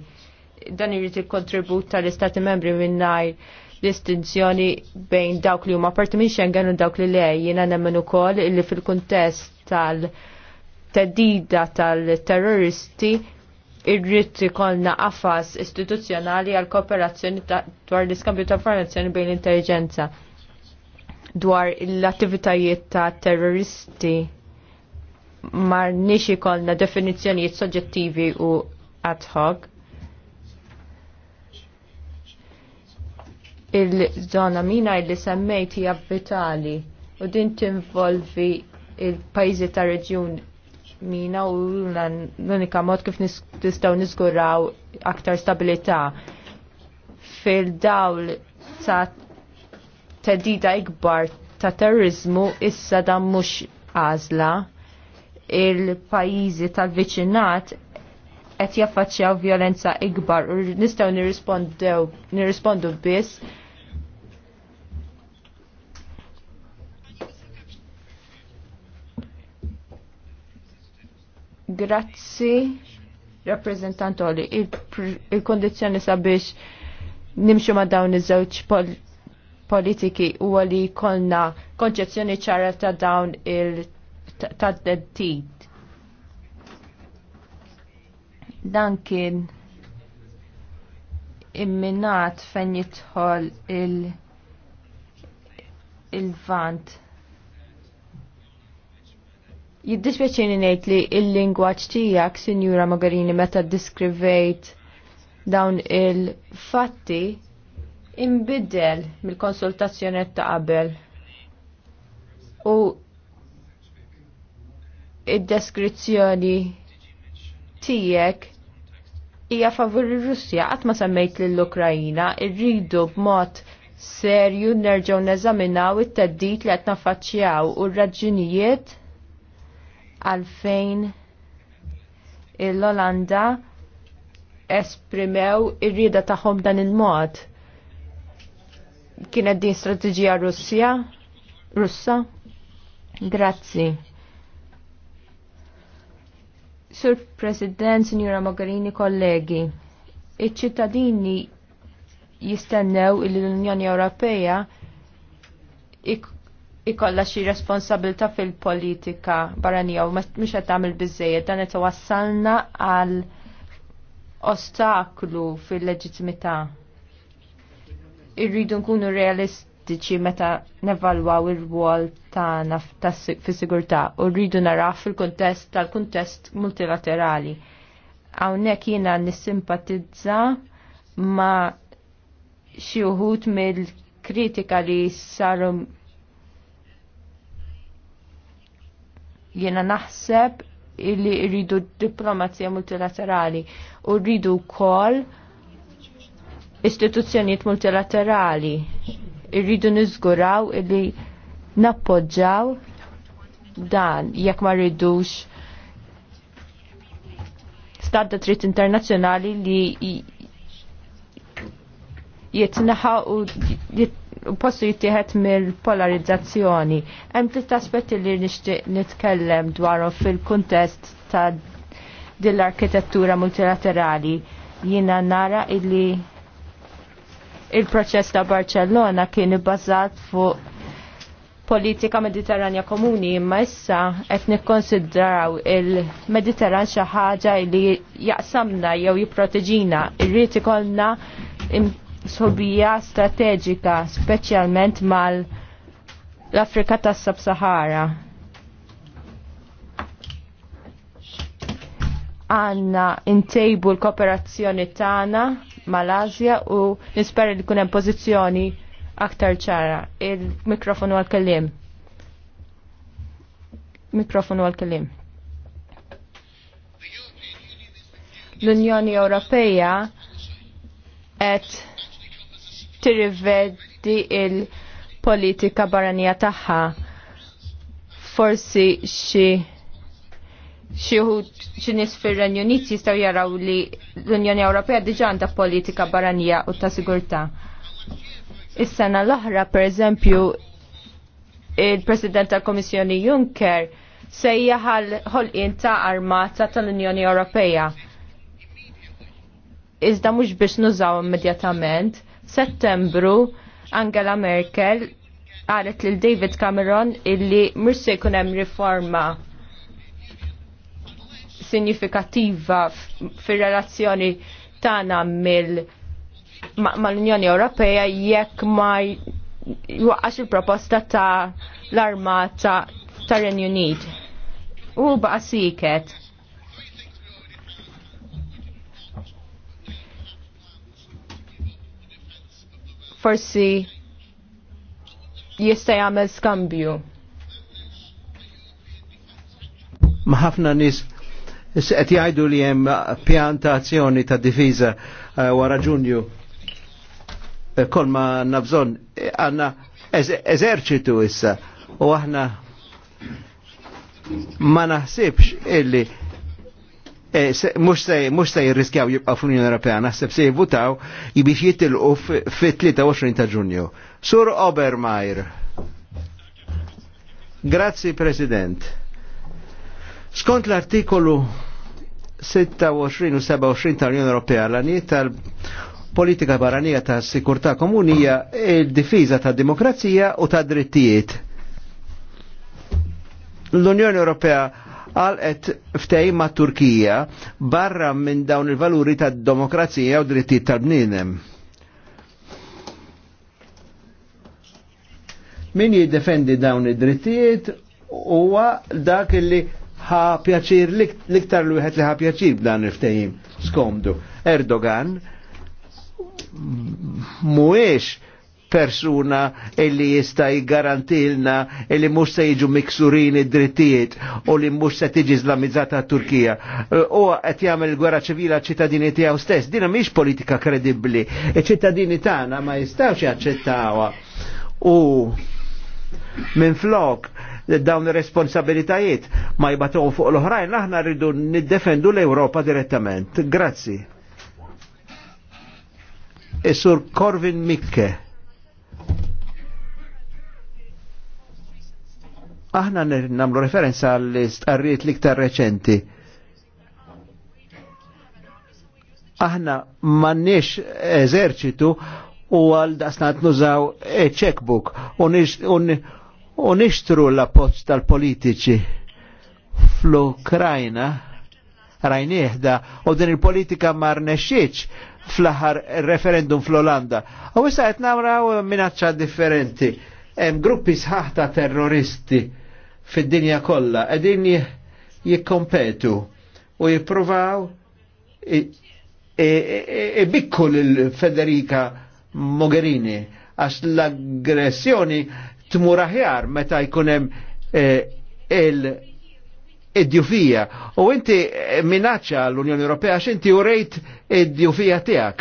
dan irrid il-kontribut tal-Istati membri minnaj distinzjoni bejn dawk li huma parti minn Schengen u dawk li lej jiena nemmen ukoll li fil-kuntest tal-tedida tal-terroristi irrid ikollna qafas istituzzjonali għal kooperazzjoni dwar l-iskambju ta' informazzjoni bejn l-intelligenza dwar l-attivitajiet ta' terroristi ma nix ikollna definizzjonijiet soġġettivi u ad hoc il-żona mina li semmejt hija vitali u din tinvolvi il-pajjiżi ta' reġjun mina u l-unika mod kif nistgħu niżguraw aktar stabilità fil-dawl ta' tedida ikbar ta' terrorizmu issa da mhux għażla il-pajjiżi tal-viċinat qed jaffaċċjaw violenza ikbar u nistgħu nirrispondu biss Grazzi, rappresentantoli, il-kondizjoni il sabiex nimxu ma dawn iż-żewġ pol politiki u li kolna konċezzjoni ċara ta' dawn il tad d Dan kien imminat fejn jitħol il-vant. Il Jiddispjaċini ngħid li l-lingwaġġ tiegħek, Sinjura Mogherini, meta diskrivejt dawn il-fatti imbiddel mill-konsultazzjoni ta' qabel. U id-deskrizzjoni tiegħek hija favur ir-Russja qatt ma semmejt lill-Ukrajina rridu b'mod serju nerġgħu neżaminaw it-teddit li qed naffaċċjaw u r-raġunijiet għalfejn l-Olanda esprimew ir-rieda tagħhom dan il-mod. Kienet din strateġija Russja, Russa. Grazzi. Sur President, Signora Mogherini, kollegi, iċ-ċittadini jistennew il l-Unjoni Ewropea ikolla xi responsabilta fil-politika barranija u mhux qed tagħmel biżejjed dan qed wassalna għal ostaklu fil-leġittimità. Irridu nkunu realistiċi meta nevalwaw ir wol ta' fis-sigurtà u rridu naraw fil-kuntest tal-kuntest multilaterali. Hawnhekk jiena nissimpatizza ma' xi wħud mill-kritika li sarum Jiena naħseb illi rridu diplomazija multilaterali u rridu wkoll istituzzjonijiet multilaterali. rridu nizguraw illi nappoġġaw dan jekk ma rridux stadda trit internazzjonali li jitnaħa u jit postu jittieħed mill-polarizzazzjoni. Hemm tliet aspetti li nixtieq nitkellem dwarhom fil-kuntest ta' din l-arkitettura multilaterali. Jiena nara illi il-proċess ta' Barcellona kien ibbażat fuq politika mediterranja komuni imma issa qed nikkonsidraw il-Mediterran xi ħaġa li jaqsamna jew jipproteġina. Irrid ikollna sobija strateġika, speċjalment mal l-Afrika tas sub sahara Għanna intejbu l-kooperazzjoni tagħna mal-Azja u nispera li kunem pożizzjoni aktar ċara. Il-mikrofonu għal-kellim. Mikrofonu għal-kellim. L-Unjoni Ewropeja et tirrivedi il-politika barranija tagħha. Forsi xi xie xinis fil-Renju Unit jistaw jaraw li l-Unjoni Ewropea diġa għandha politika barranija u ta' sigurtà. Is-sena l-oħra, per eżempju, il-President tal-Komissjoni Juncker sejjaħal ħolqien ta' armata tal-Unjoni Ewropea. Iżda mhux biex nużaw immedjatament, settembru Angela Merkel għalet lil David Cameron illi mhux se jkun hemm riforma sinifikattiva fir-relazzjoni tagħna mill mal-Unjoni Ewropea jekk ma jwaqqax il-proposta ta' l-armata ta' Renju Unit. U baqa siket forsi jista' jagħmel skambju. Ma ħafna nies qed jgħidu li hemm pjantazzjoni ta' difiża eh, wara Ġunju eh, kol ma nabżon eh, għanna eżerċitu issa, u aħna ma naħsibx illi Eh, mux se mux se jirriskjaw jibqa fl-Unjoni Ewropea, naħseb se jivutaw jibiex jitilqu fi 23 ta' ġunju. Sur Obermeier. Grazzi President. Skont l-artikolu 26 u 27 tal-Unjoni Ewropea l-għaniet tal-politika baranija ta' sikurta komunija il-difiża ta' demokrazija u ta' drittijiet. L-Unjoni Ewropea għalqet ftej ma' Turkija barra minn dawn il-valuri ta' demokrazija u drittijiet tal bnienem Min jiddefendi dawn id-drittijiet huwa dak li ħa pjaċir liktar li wieħed li ħa pjaċir b'dan il-ftehim skomdu. Erdogan mhuwiex persuna illi jista' jgarantilna illi mux se jiġu miksurin id-drittijiet u li mux se tiġi islamizzata Turkija. U qed jagħmel gwerra ċivila ċittadini tiegħu stess. Dina mhix politika kredibbli. Iċ-ċittadini tagħna ma jistgħux jaċċettawha. U minn flok dawn responsabilitajiet ma jibatuħu fuq l-oħrajn, aħna rridu niddefendu l-Europa direttament. Grazzi. Isur e Corvin Mikke. Aħna namlu referenza għall-istqarriet liktar reċenti. Aħna mannix eżerċitu u għal dasnat nużaw e checkbook u nixtru l poċ tal-politiċi fl-Ukrajna rajnieħda u din il-politika mar nexxieċ fl-aħħar referendum fl-Olanda. U issa qed naraw minaċċa differenti. Hemm gruppi sħaħ ta' terroristi fid-dinja kollha qegħdin jikkompetu u jippruvaw ibikku lil Federica Mogherini għax l-aggressjoni tmur aħjar meta jkun hemm eh, id-djufija. U inti eh, minaċċa l-Unjoni Ewropea għax inti urejt id-djufija tiegħek.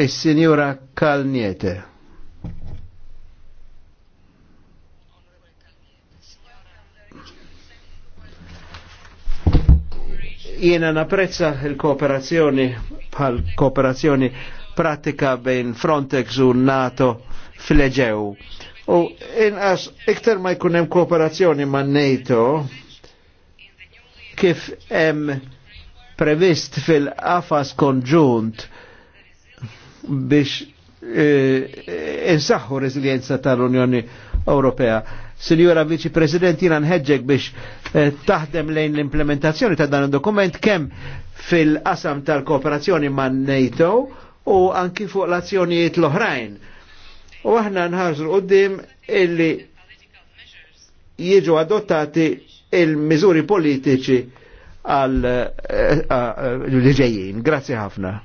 Is-Sinjura Kalniete. Jiena napprezza il-kooperazzjoni bħal kooperazzjoni pratika bejn Frontex u NATO fl-Eġew. U inqas iktar ma jkun hemm kooperazzjoni ma' NATO kif hemm previst fil-qafas konġunt biex eh, insaħħu reżiljenza tal-Unjoni Ewropea Sinjora Viċi President, jina nħedġek biex eh, taħdem lejn l-implementazzjoni ta' dan il-dokument kemm fil-qasam tal-kooperazzjoni ma' NATO u anki fuq l-azzjonijiet l-oħrajn. U aħna nħarżu qoddim illi jieġu adottati il-miżuri politiċi għal-ġejjin. Eh, Grazie ħafna.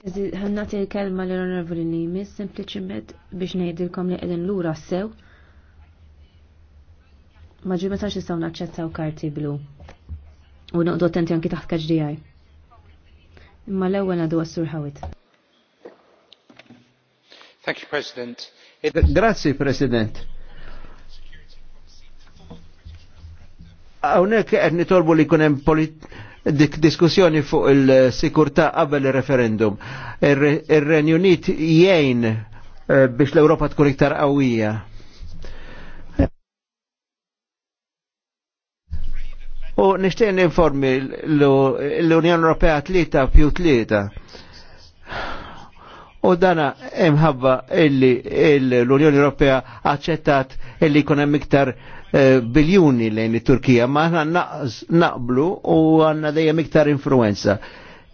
Għannati l-kelma l-onorevoli Nimi, sempliciment biex nejdilkom li għedin l-ura sew. Maġi ma sarx nistaw naċċettaw karti blu. U noqdu attenti għanki taħt għaj. Imma l ewel għadu għassur ħawit. Thank you, President. Grazie, President. Għawnek għedni torbu li kunem politika dik diskussjoni fuq il-sikurta qabel il-referendum. Il-Renju Unit jgħin eh, biex l-Europa tkun iktar qawwija. U nishtiq informi l-Unjoni Ewropea tlieta più tlieta u dana imħabba illi l-Unjoni Ewropea aċċettat illi jkun hemm iktar eh, biljuni lejn it-Turkija, ma aħna naqblu u għandna dejjem iktar influenza.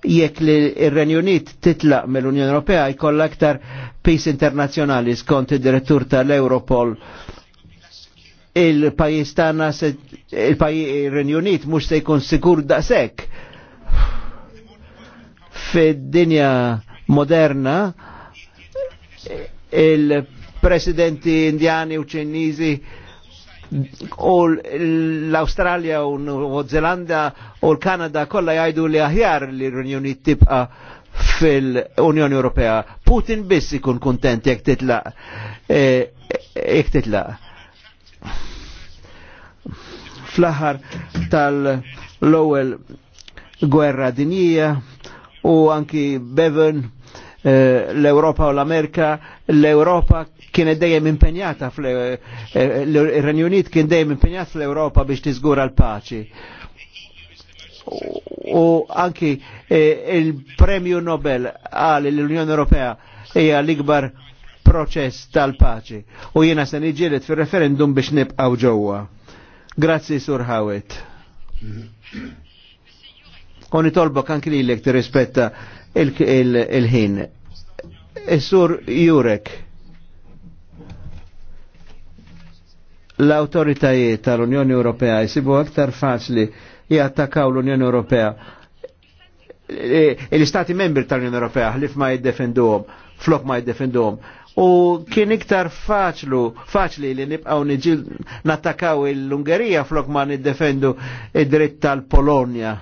Jekk li r-Renju Unit titlaq mill-Unjoni Ewropea jkollha aktar peace internazzjonali skont id-direttur tal-Europol il-pajis tagħna il-Renju Unit mhux se jkun sikur daqshekk fid-dinja moderna il-presidenti indiani u ċinniżi u l-Australia u Zelanda u l-Kanada kolla jajdu li aħjar li r unjoni tibqa' fil-Unjoni Ewropea. Putin biss ikun kontent jek titla. E, jek titla. Flaħar tal lowel gwerra dinjija u anki Bevan Eh, l-Europa u l-Amerika, l-Europa kienet dejjem impenjata, eh, eh, il-Renju Unit kien dejjem impenjata fl-Europa biex tiżgura l-paċi u anki il-Premju Nobel għal l-Unjoni Ewropea hija l-ikbar proċess tal-paċi u jiena se niġġieled fir-referendum biex nibqgħu ġewwa. Grazzi Sur Hawit. Mm-hmm. U nitolbok anki lilek rispetta il-ħin. Isur Jurek. L-autoritajiet tal-Unjoni Ewropea jisibu aktar faċli jattakaw l-Unjoni Ewropea. E, Il-Stati membri tal-Unjoni Ewropea ħlif ma jiddefenduhom, flok ma jiddefenduhom. U kien iktar faċlu, faċli li nibqaw niġil nattakaw l-Ungerija flok ma niddefendu id-dritt tal-Polonja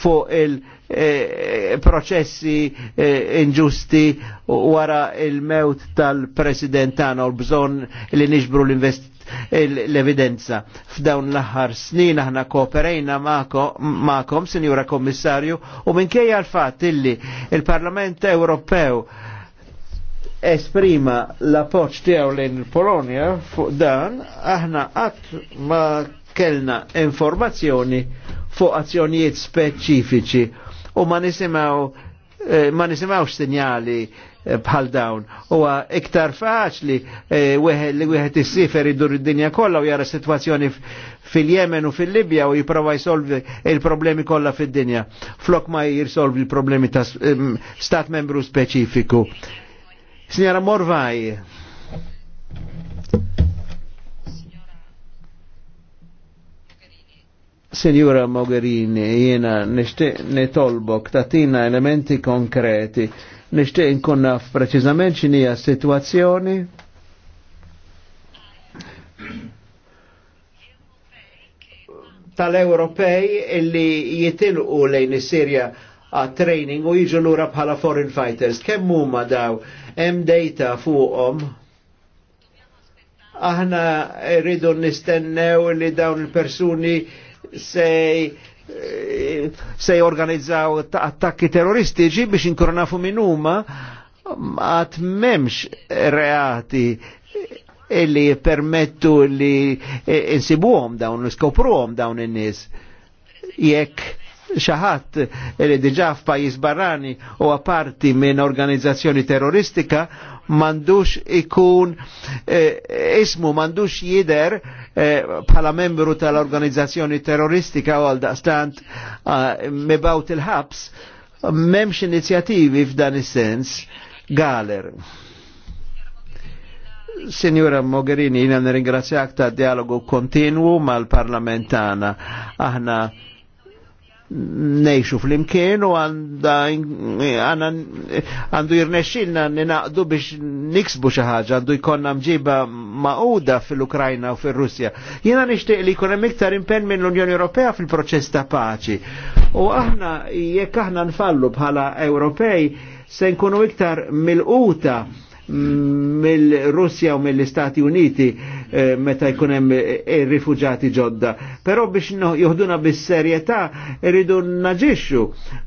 fuq il- E, processi e, inġusti wara il-mewt tal-president tagħna u l-bżonn li nixbru l-evidenza. F'dawn l-aħħar snin aħna kooperejna ma'kom, Sinjura Kommissarju, u minkejja l-fatt illi il-Parlament Ewropew esprima l-appoġġ tiegħu lejn il-Polonja fuq dan, aħna qatt ma kellna informazzjoni fuq azzjonijiet speċifiċi u ma nisimaw eh, ma nisimawx sinjali eh, bħal dawn. U iktar faċli eh, li wieħed issifer idur id-dinja kollha u jara situazzjoni fil-Jemen u fil-Libja u jipprova jsolvi il-problemi kollha fid-dinja. Flok ma jirsolvi il-problemi ta' stat membru speċifiku. Signora Morvaj, Senjura Mogherini, jena nishtiq nitolbok tatina elementi konkreti, nishtiq nkunna preċizament xinija situazzjoni. tal-Ewropej illi jitilqu lejn is-Sirja għat training u jiġu lura bħala foreign fighters. Kemm huma daw hemm data fuqhom aħna rridu nistennew li dawn il-persuni se eh, se jorganizzaw attakki terroristiċi biex inkoronafu nafu għat memx reati illi permettu li eh, insibuhom dawn, skopruhom dawn in-nies. Jekk xaħat illi diġa f'pajis barrani u għaparti minn organizzazzjoni terroristika mandux ikun eh, ismu mandux jider eh, bħala eh, membru tal-organizzazzjoni terroristika u għal daqstant eh, mibawt il-ħabs memx inizjativi f'dan is-sens galer. Signora Mogherini, jina nirringrazzjak ta' dialogu kontinu mal-parlamentana. Aħna nejxu fl-imkien u għandu jirnexxilna ninaqdu biex niksbu xi ħaġa għandu jkollna mġiba maquda fil-Ukrajna u fil-Russja. Jiena nixtieq li jkun hemm iktar impenn minn l-Unjoni Ewropea fil-proċess ta' paċi. U aħna jekk aħna nfallu bħala Ewropej se nkunu iktar mill-quta mm, mill-Russja u mill-Istati Uniti Eh, meta jkun hemm eh, rifuġati ġodda. Però biex joħduna bis-serjetà rridu naġixxu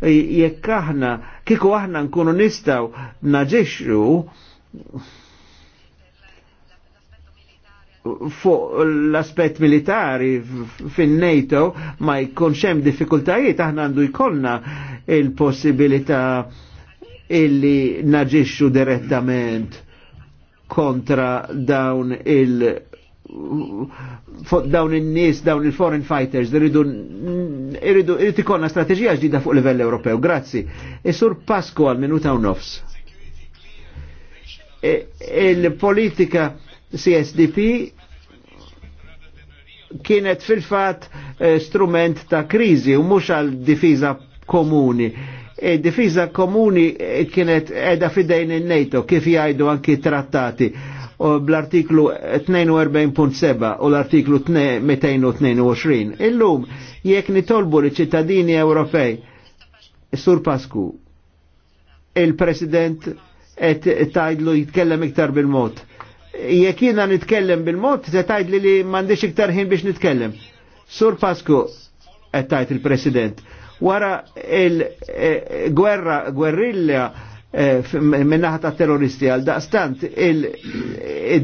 jekk aħna kieku aħna nkunu nistgħu naġixxu fuq l-aspet militari fin-NATO ma jkunx hemm diffikultajiet aħna għandu jkollna il-possibilità illi naġixxu direttament kontra dawn il- fuq dawn in-nies, dawn il-foreign fighters, irridu irridu irrid ikollna strateġija ġdida fuq livell Ewropew. Grazzi. Is-sur e Pasqua għal minuta u nofs. E, il-politika CSDP kienet fil-fat e, strument ta' kriżi u mhux għal difiża komuni. il difiża komuni kienet edha fidejn in-NATO kif jgħidu anki trattati bl-artiklu 42.7 u l-artiklu 222. Illum, jekk nitolbu li ċittadini Ewropej, Sur Pasku, il-President et tajdlu jitkellem iktar bil-mod. Jekk jiena nitkellem bil-mod, se tajdli li m'għandix iktar ħin biex nitkellem. Sur Pasku, et tajt il-President, wara il-gwerra, eh, gwerrilla, Eh, minnaħa ta' terroristi għal daqstant il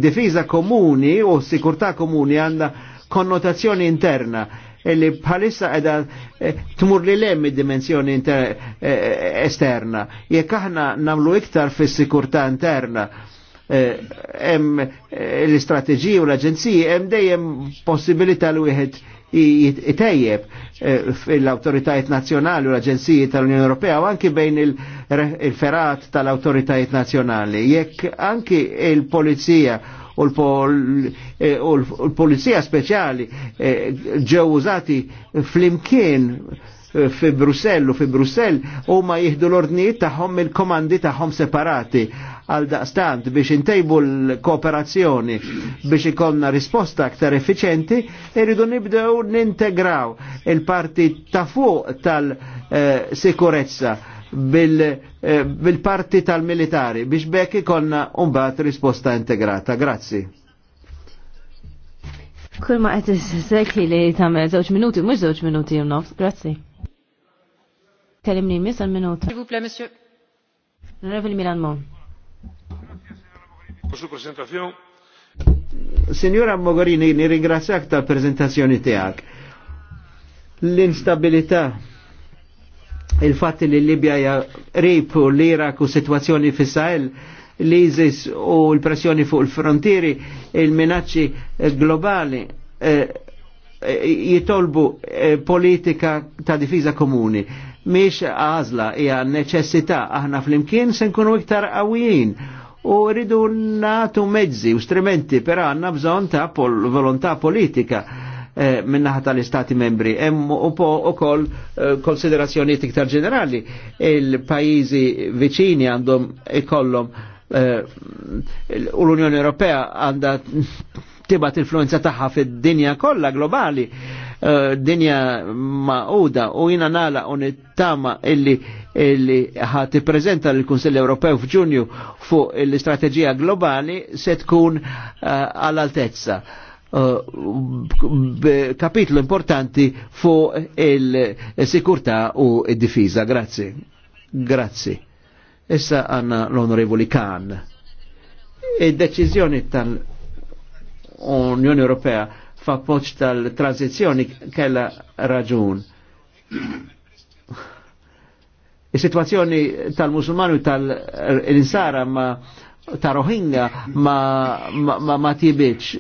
difiza komuni u sikurta komuni għandha konnotazzjoni interna illi bħalissa edha eh, tmur li lem id-dimensjoni eh, esterna. Jekk aħna namlu iktar fis sikurta interna, hemm l-istrateġiji u l-aġenziji hemm dejjem possibilità li wieħed jitejjeb eh, fil-autoritajiet nazjonali u l-Aġenziji tal-Unjoni Ewropea u anki bejn il-ferat tal-autoritajiet nazjonali. Jekk anki il-polizija u eh, l-polizija speċjali eh, ġew użati fl-imkien Eh, fi Brussell u fi Brussell u ma jihdu l-ordnijiet tagħhom il-komandi tagħhom separati għal daqstant biex intejbu l-kooperazzjoni biex ikonna risposta aktar effiċenti iridu nibdew nintegraw il-parti ta' fuq tal-sikurezza eh, bil-parti bil parti tal militari biex bekk ikonna un-bat risposta integrata. Grazzi. Kull ma qed sekli li tagħmel żewġ minuti, mux żewġ minuti u grazzi. Kellimni mis għal minuta. S'il vous plaît, monsieur. Onorevoli Milan Mon. Signora Mogorini, Mogherini, nirringrazzjak ta' prezentazzjoni tiegħek. L-instabilità il fatti li l-Libja rip u l iraq u situazzjoni fis-Sahel l-ISIS u l-pressjoni fuq il-frontieri, il-minacċi eh, globali eh, eh, jitolbu politika ta' difiża komuni. Miex għazla hija neċessità aħna fl-imkien se nkunu iktar għawijin u rridu natu mezzi u strumenti per għanna bżon ta' pol volontà politika eh, minnaħat tal-istati membri. Hemm u kol konsiderazzjoni iktar ġenerali. Il-pajizi viċini għandhom ikollhom u eh, l-Unjoni Ewropea għandha tibat influenza tagħha fid-dinja kollha globali, eh, dinja maquda u jina nala u nittama illi illi ħati prezenta l-Kunsell Ewropew f'Ġunju fuq l-istrateġija globali se tkun eh, għall-altezza. Kapitlu importanti fuq il-sikurta u d difiża Grazzi. Grazzi. Issa għanna l-Onorevoli Kahn. Id-deċizjoni tal-Unjoni Ewropea fa' poċ tal-tranzizjoni kella raġun. il situazzjoni tal-Musulmani tal-Insara ma' ta' Rohingya ma, ma, ma, ma tibiċ.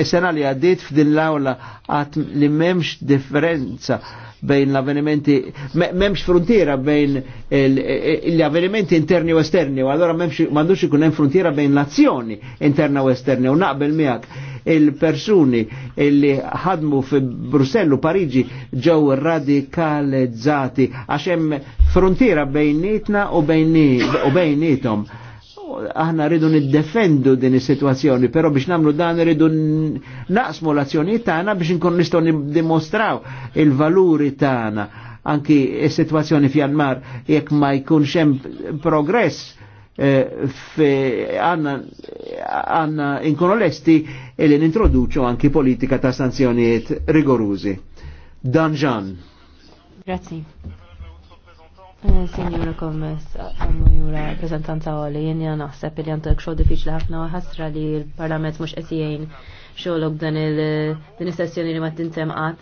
Essena li għaddit f'din l-awla għat li memx differenza bejn l-avvenimenti, memx frontiera bejn l-avvenimenti interni u esterni, u allora memx mandux ikun hemm frontiera bejn l-azzjoni interna u esterni, u naqbel miegħek il-persuni illi ħadmu fi Brussellu, Parigi, ġew radikalizzati għax hemm frontiera bejn nitna u bejn nitom aħna rridu niddefendu din is-sitwazzjoni, però biex namlu dan rridu naqsmu l-azzjonijiet tagħna biex inkun nistgħu niddimostraw il-valuri tagħna anki is-sitwazzjoni f'Janmar jekk ma jkunx hemm progress eh, għanna inkunu lesti li nintroduċu anki politika ta' sanzjonijiet rigorużi. Danġan. Grazie. Eh, Signora Gomez, jura Reprezentanza għali, jenja naħseb li għandak xogħol diffiċli ħafna ħasra li l-Parlament mhux qed jgħin xogħolok dan din is-sessjoni li ma tintem qatt.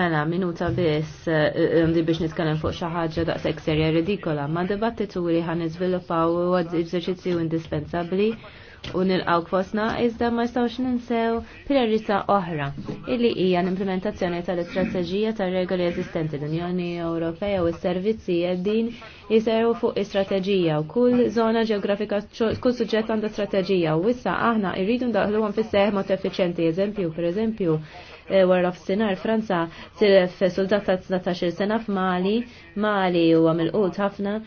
Mela, minuta biss eh, eh, għandi biex nitkellem fuq xi ħaġa daqshekk serja ridikola, ma dibattitu li ħan niżviluppaw huwa eżerċizzju indispensabbli u nilqaw kfosna iżda ma jistawx ninsew priorità oħra illi hija l-implementazzjoni tal-istrateġija tar-regoli eżistenti l-Unjoni Ewropea u s-servizzi din jiseru fuq istrateġija u kull zona ġeografika kull suġġett għandha strateġija u issa aħna rridu ndaħluhom fis-seħ mod effiċjenti eżempju pereżempju of eh, f'sinar Franza tilef soldat ta' 19 sena f'Mali, Mali huwa milqut ħafna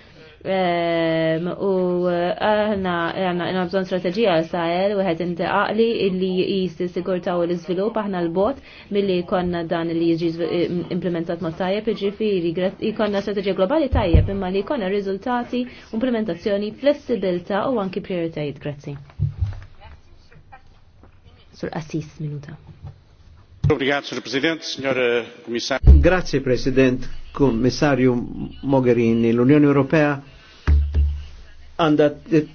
u eh, aħna għanna bżon strategija sajl u għed intaqli illi jis sigurta u l-izvilup aħna l-bot mill-li konna dan li jiġi eh, implementat ma tajjeb iġifiri jikonna strategija globali tajjeb imma li jikonna rizultati implementazzjoni flessibilta u anki prioritajiet grazzi. Sur Assis minuta. Grazie President, Kommissarju Mogherini. L-Unjoni Ewropea għanda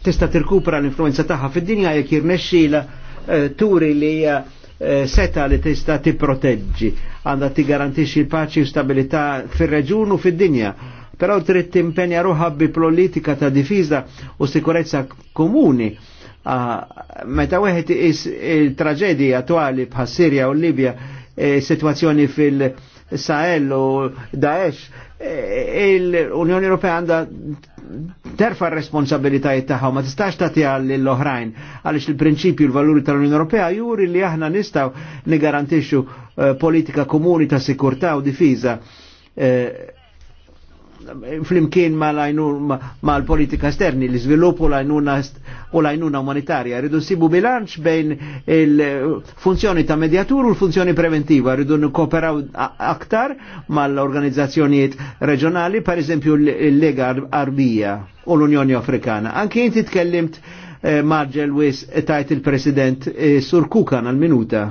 tista tirkupra l-influenza taħħa fid-dinja jek la eh, turi li hija eh, seta li tista tipproteġġi, ti tigarantixxi l-paċi u stabilità fir-reġun u fid-dinja. Però trid timpenja ruħha bi politika ta' difiża u sikurezza komuni. Ah, meta wieħed il traġedi attwali bħas Sirja u Libja, eh, situazzjoni fil- Sahel u Daesh, e, l-Unjoni Ewropea għanda terfa responsabilitajiet tagħha ma tistax tagħtiha l oħrajn għaliex il-prinċipju l-valuri tal-Unjoni Ewropea juri li aħna nistgħu nigarantixxu e, politika komuni ta' sikurtà u difiża. Eh, flimkien ma l-politika esterni, l-izviluppu u l-għajnuna umanitarja. Rridu nsibu bilanċ bejn il-funzjoni ta' medjatur u l-funzjoni preventiva. Rridu n-kooperaw aktar mal organizzazzjoniet regionali, per eżempju l-Lega Arbija u l-Unjoni Afrikana. Anki inti tkellimt eh, Marġel Wis tajt il-President eh, Sur Kukan għal-minuta.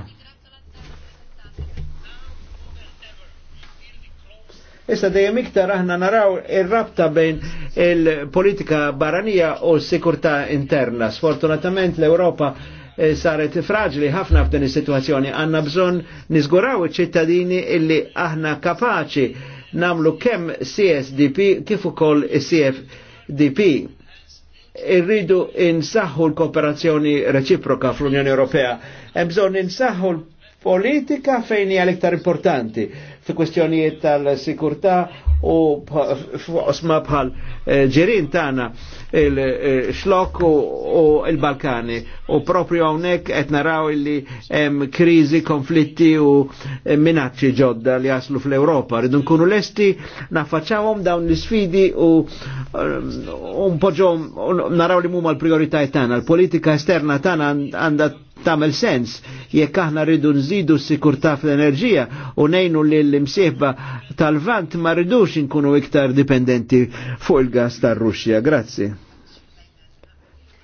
Issa dejjem iktar aħna naraw ir-rabta bejn il-politika barranija u s-sikurtà interna. Sfortunatament l-Ewropa eh, saret fraġli ħafna f'din is-sitwazzjoni. Għandna bżonn niżguraw iċ-ċittadini illi aħna kapaċi namlu kemm CSDP kif ukoll CFDP. Irridu insaħħu l-kooperazzjoni reċiproka fl-Unjoni Ewropea. Hemm bżonn insaħħu l-politika fejn hija l-iktar importanti fi kwestjonijiet tal sikurta u osma bħal eh, ġirin tana il-xlok u il-Balkani u propju għonek qed naraw illi hemm kriżi, konflitti u eh, minacċi ġodda li jaslu fl-Ewropa. Rridu nkunu lesti naffaċċawhom dawn l sfidi u eh, un mpoġġhom naraw li mumma l prioritaj tana L-politika esterna tana għandat tamel sens jekk aħna rridu nżidu s-sikurtà fl-enerġija u nejnu li l-imsieħba tal-vant ma rridux inkunu iktar dipendenti fuq il-gas tar-Russja. Grazzi.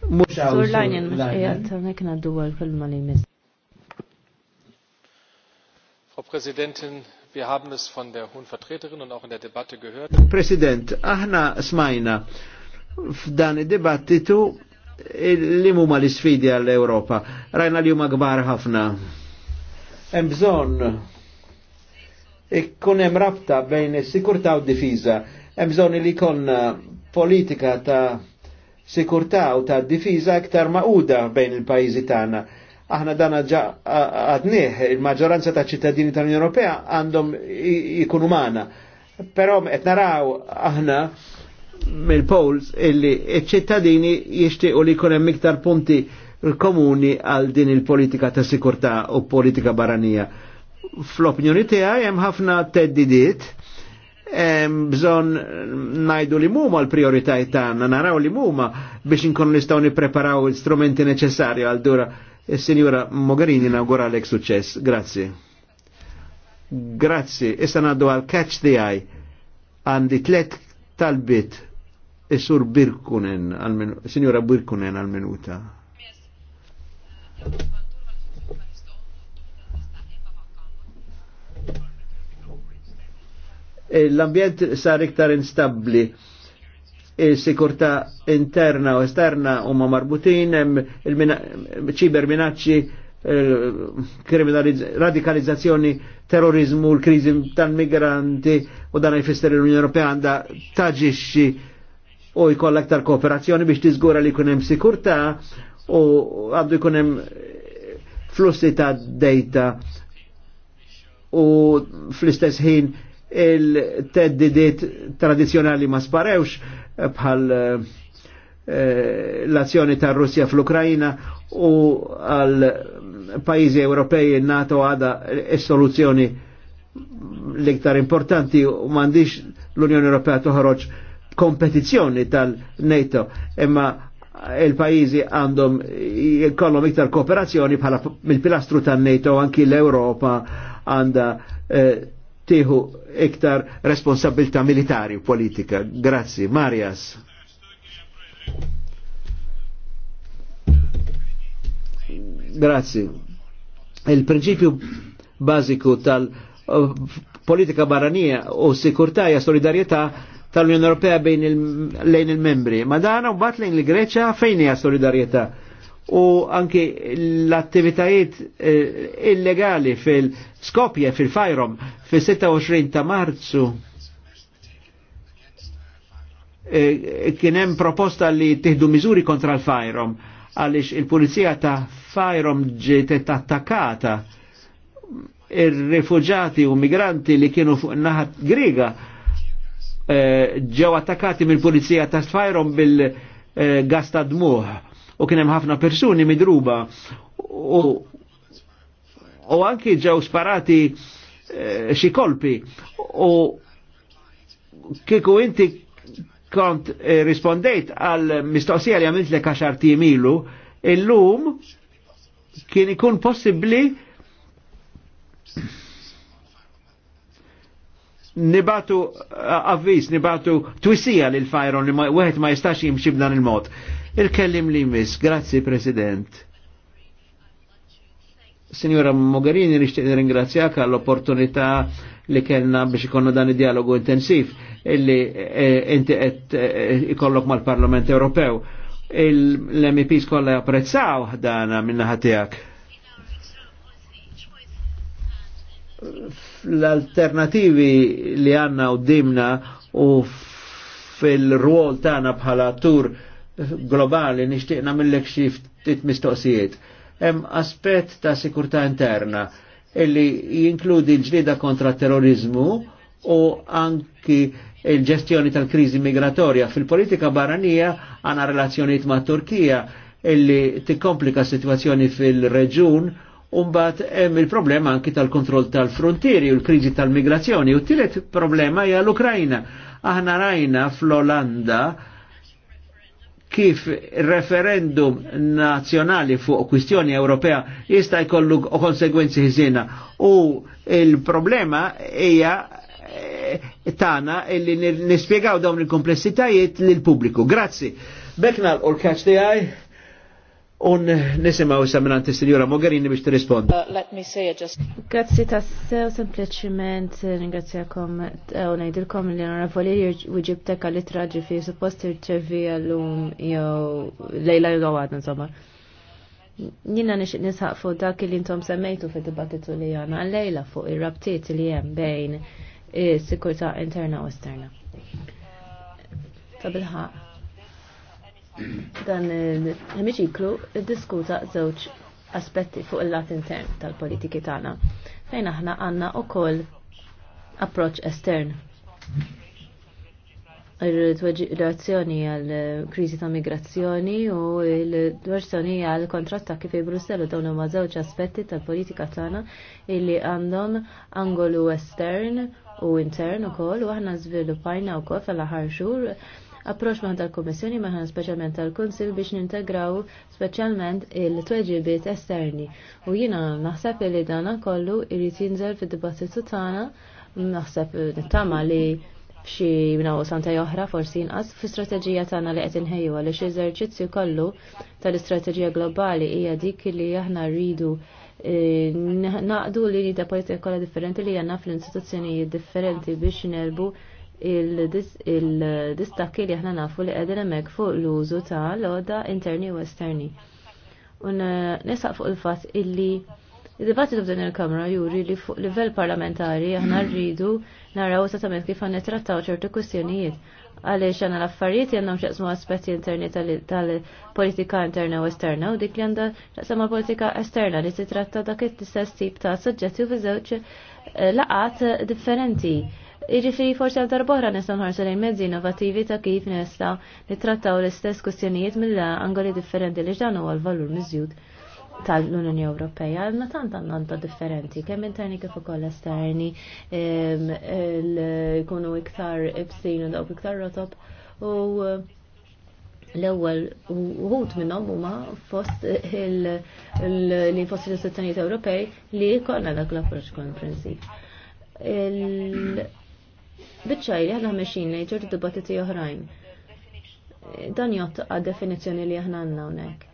Eh, Frau Präsidentin, wir haben es von der Hohen Vertreterin und auch in der Debatte gehört. Präsident, aħna smajna f'dan id-dibattitu li huma li sfidi għall europa Rajna li huma gbar ħafna. Hemm bżonn ikkun hemm rabta bejn is-sikurtà u d-difiża. Hemm li jkollna politika ta' sikurtà u ta' difiża iktar maquda bejn il-pajjiżi tagħna. Aħna dan ġa għadnieh, il-maġġoranza ta' ċittadini tal-Unjoni Ewropea għandhom ikun umana. Però qed naraw aħna mill-polls illi iċ-ċittadini jixtiequ li kunem hemm iktar punti komuni għal din il-politika ta' sikurtà u politika barranija. Fl-opinjoni tiegħi hemm ħafna teddidiet, bżon najdu ngħidu li huma l-prijoritajiet tagħna, naraw li muma biex inkun nistgħu nippreparaw l-istrumenti neċessarji għal dura. Is-Sinjura Mogherini nawguralek suċċess. Grazzi. Grazzi. Issa ngħaddu għal catch the eye. Għandi tlet talbit Isur Birkunen, Signora Birkunen għal-minuta. E, l-ambjent sar iktar instabli il-sikurta e, interna u esterna ma marbutin, hemm il-ċiber minacċi Eh, radikalizzazzjoni, terrorizmu, l-krizi tal-migranti u dan jfisser l-Unjoni Ewropea għandha taġixxi u jkollha aktar kooperazzjoni biex tiżgura li jkun hemm sikurtà u għandu jkun hemm flussi ta' dejta u fl-istess ħin il-teddidiet tradizjonali ma sparewx bħal uh, Eh, l-azzjoni ta' Russja fl-Ukrajina u għal pajizi Ewropej NATO għada e soluzzjoni l-iktar importanti u mandiġ l-Unjoni Ewropea toħroġ kompetizjoni tal-NATO imma il-pajizi għandhom jkollhom iktar kooperazzjoni bħala mill-pilastru tan-NATO anki l-Ewropa għanda eh, tieħu iktar responsabilità militari u politika. Grazzi, Marias. Grazie. Il-prinċipju bażiku tal-politika barranija u sikurtaja solidarietà tal-Unjoni Ewropea lejn il-membri. Ma da u bat lejn il-Greċa fejn hija O U l'attività l-attivitajiet eh, illegali fil-Skopje, fil-Fajrom, fil-26 ta' Marzu E, e, kienem proposta li tihdu mizuri kontra l-fajrom għalix il-pulizija ta' fajrom ġiet attakata il-refugġati u migranti li kienu fuq naħat Griga e, ġew attakati mill-pulizija ta' fajrom bil-gas ta' dmuħ u kienem ħafna persuni midruba u anki ġew sparati xi kolpi u kieku inti kont eh, rispondejt għal mistoqsija li għamilt lek għaxar ilu, illum kien ikun possibli nibatu eh, avvis, nibatu twissija lil fajron li wieħed ma jistax jimxi b'dan il-mod. Il-kellim li miss, grazzi President. Signora Mogherini, nixtieq nirringrazzjak għall-opportunità li kellna biex ikonu dan id-dialogu intensiv illi eh, inti qed eh, ikollok mal-Parlament Ewropew. L-MEPs kollha japprezzaw dana minnaħa tiegħek. L-alternativi li għanna u dimna u fil rwol tagħna bħala tur globali nixtieqna mill-lek xi ftit mistoqsijiet. Hemm aspett ta' sikurtà interna illi jinkludi l-ġlida kontra terrorizmu u anki il-ġestjoni tal-krizi migratorja. Fil-politika barranija għana relazzjoniet ma' Turkija illi tikkomplika situazzjoni fil-reġun Umbat hemm il-problema anki tal-kontroll tal-frontieri u l-kriżi tal-migrazzjoni. U t-tielet problema hija l-Ukrajna. Aħna rajna fl-Olanda kif referendum nazjonali fuq kwistjoni Ewropea jista' jkollu konsegwenzi ħiżina. U il-problema hija eh, tana illi nispiegaw dawn il-komplessitajiet lill pubbliku. Grazzi. Bekna l-orkaċ tiegħi un nisimaw seminanti Sinjora Mogherini biex t-rispond. Uh, let me say just. Grazzi tassew sempliciment ringrazzjakom eh, u najdilkom li onorevoli wġibtek li traġi fi suppost irċevi għallum jew lejla jew għad insomma. Nina nixit nisħaq fuq dak li intom semmejtu fid-dibattitu li għana lejla fuq ir-rabtiet li hemm bejn is-sikurtà interna u esterna. Ta' bilħaq dan il hemiċiklu id-diskuta żewġ aspetti fuq il-lat intern tal-politiki tagħna fejn aħna għandna wkoll approċċ estern. Ir-reazzjoni għal kriżi ta' migrazzjoni u l-reazzjoni għal kontrattakki fi Brussell dawn huma żewġ aspetti tal-politika tagħna illi għandhom angolu estern u intern ukoll u aħna żviluppajna wkoll fl-aħħar xhur approċ maħan tal-Komissjoni maħan speċjalment tal konsil biex nintegraw speċjalment il-tweġibiet esterni. U jina naħseb li dana kollu irrit jinżel fid-dibattitu tagħna naħseb nittama li f'xi minna santa oħra forsi inqas fl strategija tagħna li qed inħejju xie eżerċizzju kollu tal-istrateġija globali hija dik li aħna rridu e, naqdu li da politika kolla differenti li jahna fl-istituzzjonijiet differenti biex nerbu il-distakki li ħna nafu li għedin emmek fuq l-użu ta' loda interni u esterni. U nisaq fuq il-fatt illi il dibattitu f'din il-Kamra juri li fuq livell parlamentari aħna rridu naraw esattament kif għan nitrattaw ċertu kwistjonijiet għaliex għana l-affarijiet għandhom xaqsmu aspetti interni tal-politika interna u esterna u dik li għanda xaqsmu politika esterna li titratta dak it-istess tip ta' soġġetti u fi eh, laqat differenti Iġifiri forsi għal darbohra nistaw nħarsu lejn mezzi innovativi ta' kif li trattaw l-istess kustjonijiet mill-angoli differenti li ġdan huwa l-valur miżjud tal-Unjoni Ewropeja. Għalna tant għanna differenti, kemm interni kif ukoll esterni, l-kunu iktar ibsin u dawk iktar rotob. U eh, l-ewwel uħut minnhom huma fost l-infosti l-istituzzjonijiet Ewropej li jkollna dak l-approċċ komprensiv li ħana meċin li ġurdu dibattiti oħrajn. Dan jott għad definizjoni li aħna għanna unek.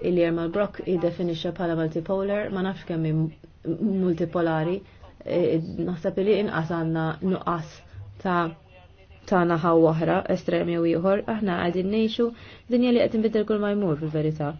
Il-Jerma Brock jiddefinisċa bħala multipolar, ma nafx kemm multipolari, e, naħseb li inqas għanna nuqqas ta' ta' naħaw wahra, estremi u jħor, aħna għadin nejxu dinja li qed bidder kull ma jmur fil-verità.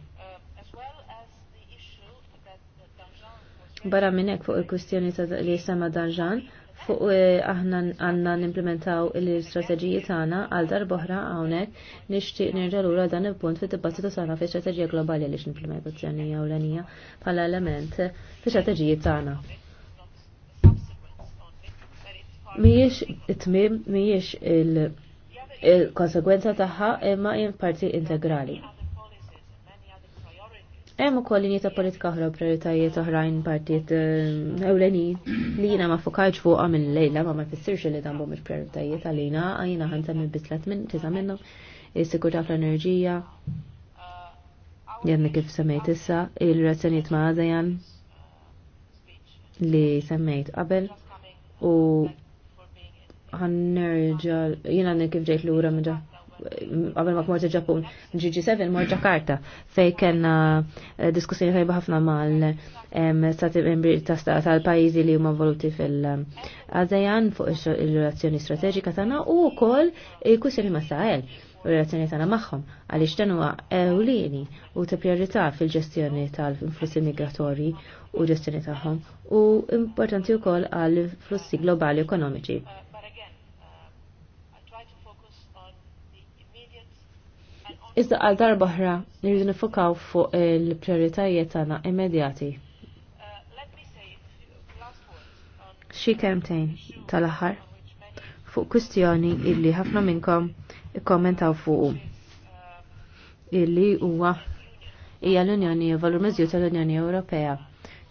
Barra minnek fuq il-kustjoni li sema danġan, fuq eh, aħna għanna nimplementaw l-istrateġiji tagħna għal darb'oħra hawnhekk nixtieq nirġa' lura dan il-punt fit-dibattitu tagħna fl-istrateġija globali għaliex implementazzjoni ewlenija bħala element fl-istrateġiji tagħna. Mijiex it-tmiem, mhijiex il-konsekwenza tagħha imma parti integrali. Hemm ukoll linji ta' politika oħra prioritajiet oħrajn partijiet eh, ewleni li jiena ma fokajġ fuqha minn lejla ma ma jfissirx li dan il prioritajiet għalina jiena ħantemmi bislet minn tisa' minnhom is-sikurtà fl-enerġija jenna kif semmejt issa il-razzjoniet ma' għadajan li semmejt qabel u ħannerġa jiena kif ġejt l-ura mġa qabel ma kmorġa Ġapun GG7 morġa karta fej kena eh, diskussjoni fej ħafna mal stati membri tal-pajizi li huma voluti fil eh, azajan fuq il-relazzjoni strateġika tagħna u wkoll kwistjoni ma' Sahel u relazzjoni tagħna magħhom għaliex dan huwa ewlieni u ta' priorità fil-ġestjoni tal-influssi migratorji u ġestjoni tagħhom u importanti wkoll għall-flussi globali ekonomiċi Iżda għal darba ħra nirridu nifokaw fuq il-prioritajiet tagħna immedjati. Xi kemtejn tal-aħħar fuq kwistjoni illi ħafna minnkom ikkommentaw fuq illi huwa hija l-Unjoni valur Meżju tal-Unjoni Ewropea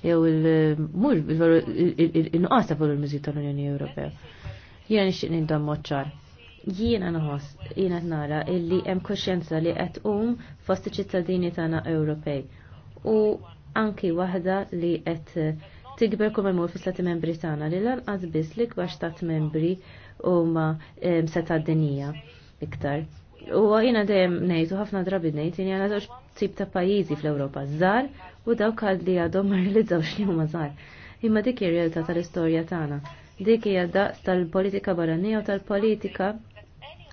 jew il-mur il-nuqqas ta' valur Meżju tal-Unjoni Ewropea. Jiena nixtieq nindom moċċar jiena nħoss jiena nara illi hemm koxjenza li qed tqum fost iċ-ċittadini tagħna Ewropej. U anki waħda li qed tikber kull memur fis-Stati Membri tagħna li lanqas biss li kbar stat membri huma seta' dinija iktar. U jiena dejjem ngħid u ħafna drabi ngħid jiena għandha żewġ tip ta' pajjiżi fl-Ewropa żgħar u dawk li għadhom ma realizzawx li huma żgħar. Imma dik ir-realtà tal-istorja tagħna. Dik hija daqs tal-politika barranija u tal-politika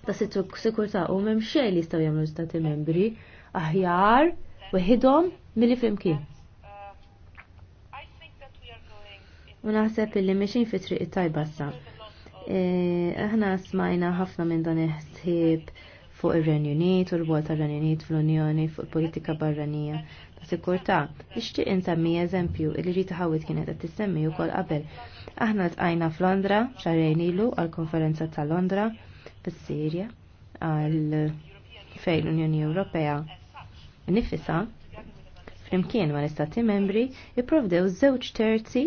ta' sikurta u mem xej li jistaw jamlu stati membri aħjar weħidhom milli flimkien. U naħseb illi mexin fi triq tajba sa. E, aħna smajna ħafna minn dan iħsib fuq ir-Renju Unit u l-wol tar-Renju Unit fl-Unjoni fuq il-politika barranija ta' sikurta. Ixtieq insemmi eżempju li Rita Ħawit kienet qed tissemmi wkoll qabel. Aħna tqajna f'Londra xarejn ilu għall-konferenza ta' Londra fis sirja għal fejn l-Unjoni Ewropea nifisa flimkien ma l-Istati membri jiprovdew żewġ terzi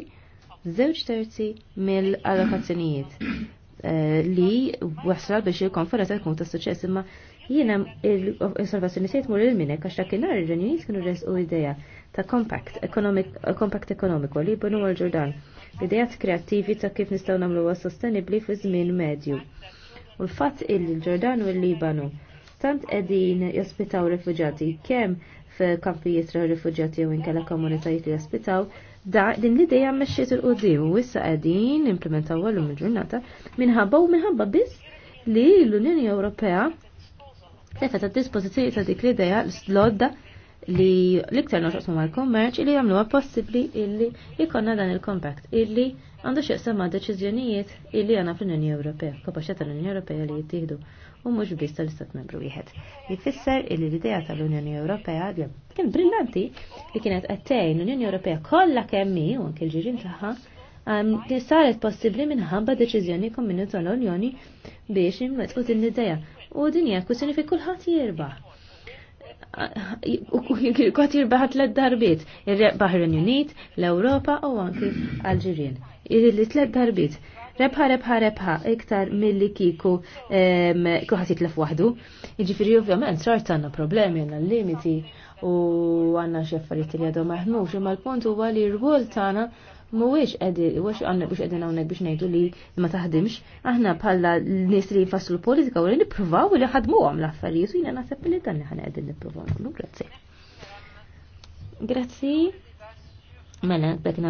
żewġ terzi mill-allokazzjonijiet eh, li wasal biex il-konferenza tkun ta' suċċess imma jiena l osservazzjoni se jtmur il-minek għax dakinhar il renjuniet kienu resqu idea ta' compact economic eh, compact ekonomiku li jbunu għal-Ġordan. Idejat kreattivi ta' kif nistgħu nagħmluha sostenibbli fi żmien medju u l-fatt illi l-Ġordan u l-Libanu tant qegħdin jospitaw rifuġati kemm f'kampijiet ra rifuġati jew inkella komunitajiet li jospitaw da din l-idea meċċiet il-qudiem u wissa qegħdin implementaw għallum il-ġurnata minħabba u minħabba biss li l-Unjoni Ewropea tefet għad-dispożizzjoni ta' dik l-idea l-slodda li l-iktar noqsmu mal-kommerċ li għal possibbli illi jkollna dan il-compact illi għandu xieqsam ma' deċiżjonijiet illi għana fl-Unjoni Ewropea, kapaċità tal-Unjoni Ewropea li jittieħdu u mhux biss tal-Istat Membru wieħed. Jifisser illi l-idea tal-Unjoni Ewropea kien brillanti li kienet għattej l-Unjoni Ewropea kollha kemm hi u anke l-ġirien tagħha kien um, saret possibbli minħabba deċiżjoni kommuni tal-Unjoni biex nimmetqu din l-idea. U din hija fi kulħadd jirbaħ kwatir baħat l darbiet il-Bahrin Unit, l-Europa u anki Alġirien li tlet darbit. Rebħa, rebħa, rebħa, iktar mill-li kiku kuħat jitlef wahdu. Iġifiri, ovvjament, xart għanna problemi, għanna limiti u għanna xeffariet li għadhom maħmu. imma l-punt huwa li r-rwol tagħna Mwix għedi, għax għanna biex għedin għonek biex nejdu li ma taħdimx, aħna bħalla l li jifassu l-politika u li nipruvaw li ħadmu għam laffariet u jina nasepp li dan li ħana għedin nipruvaw Grazie. grazzi. Grazzi. Mela, bekna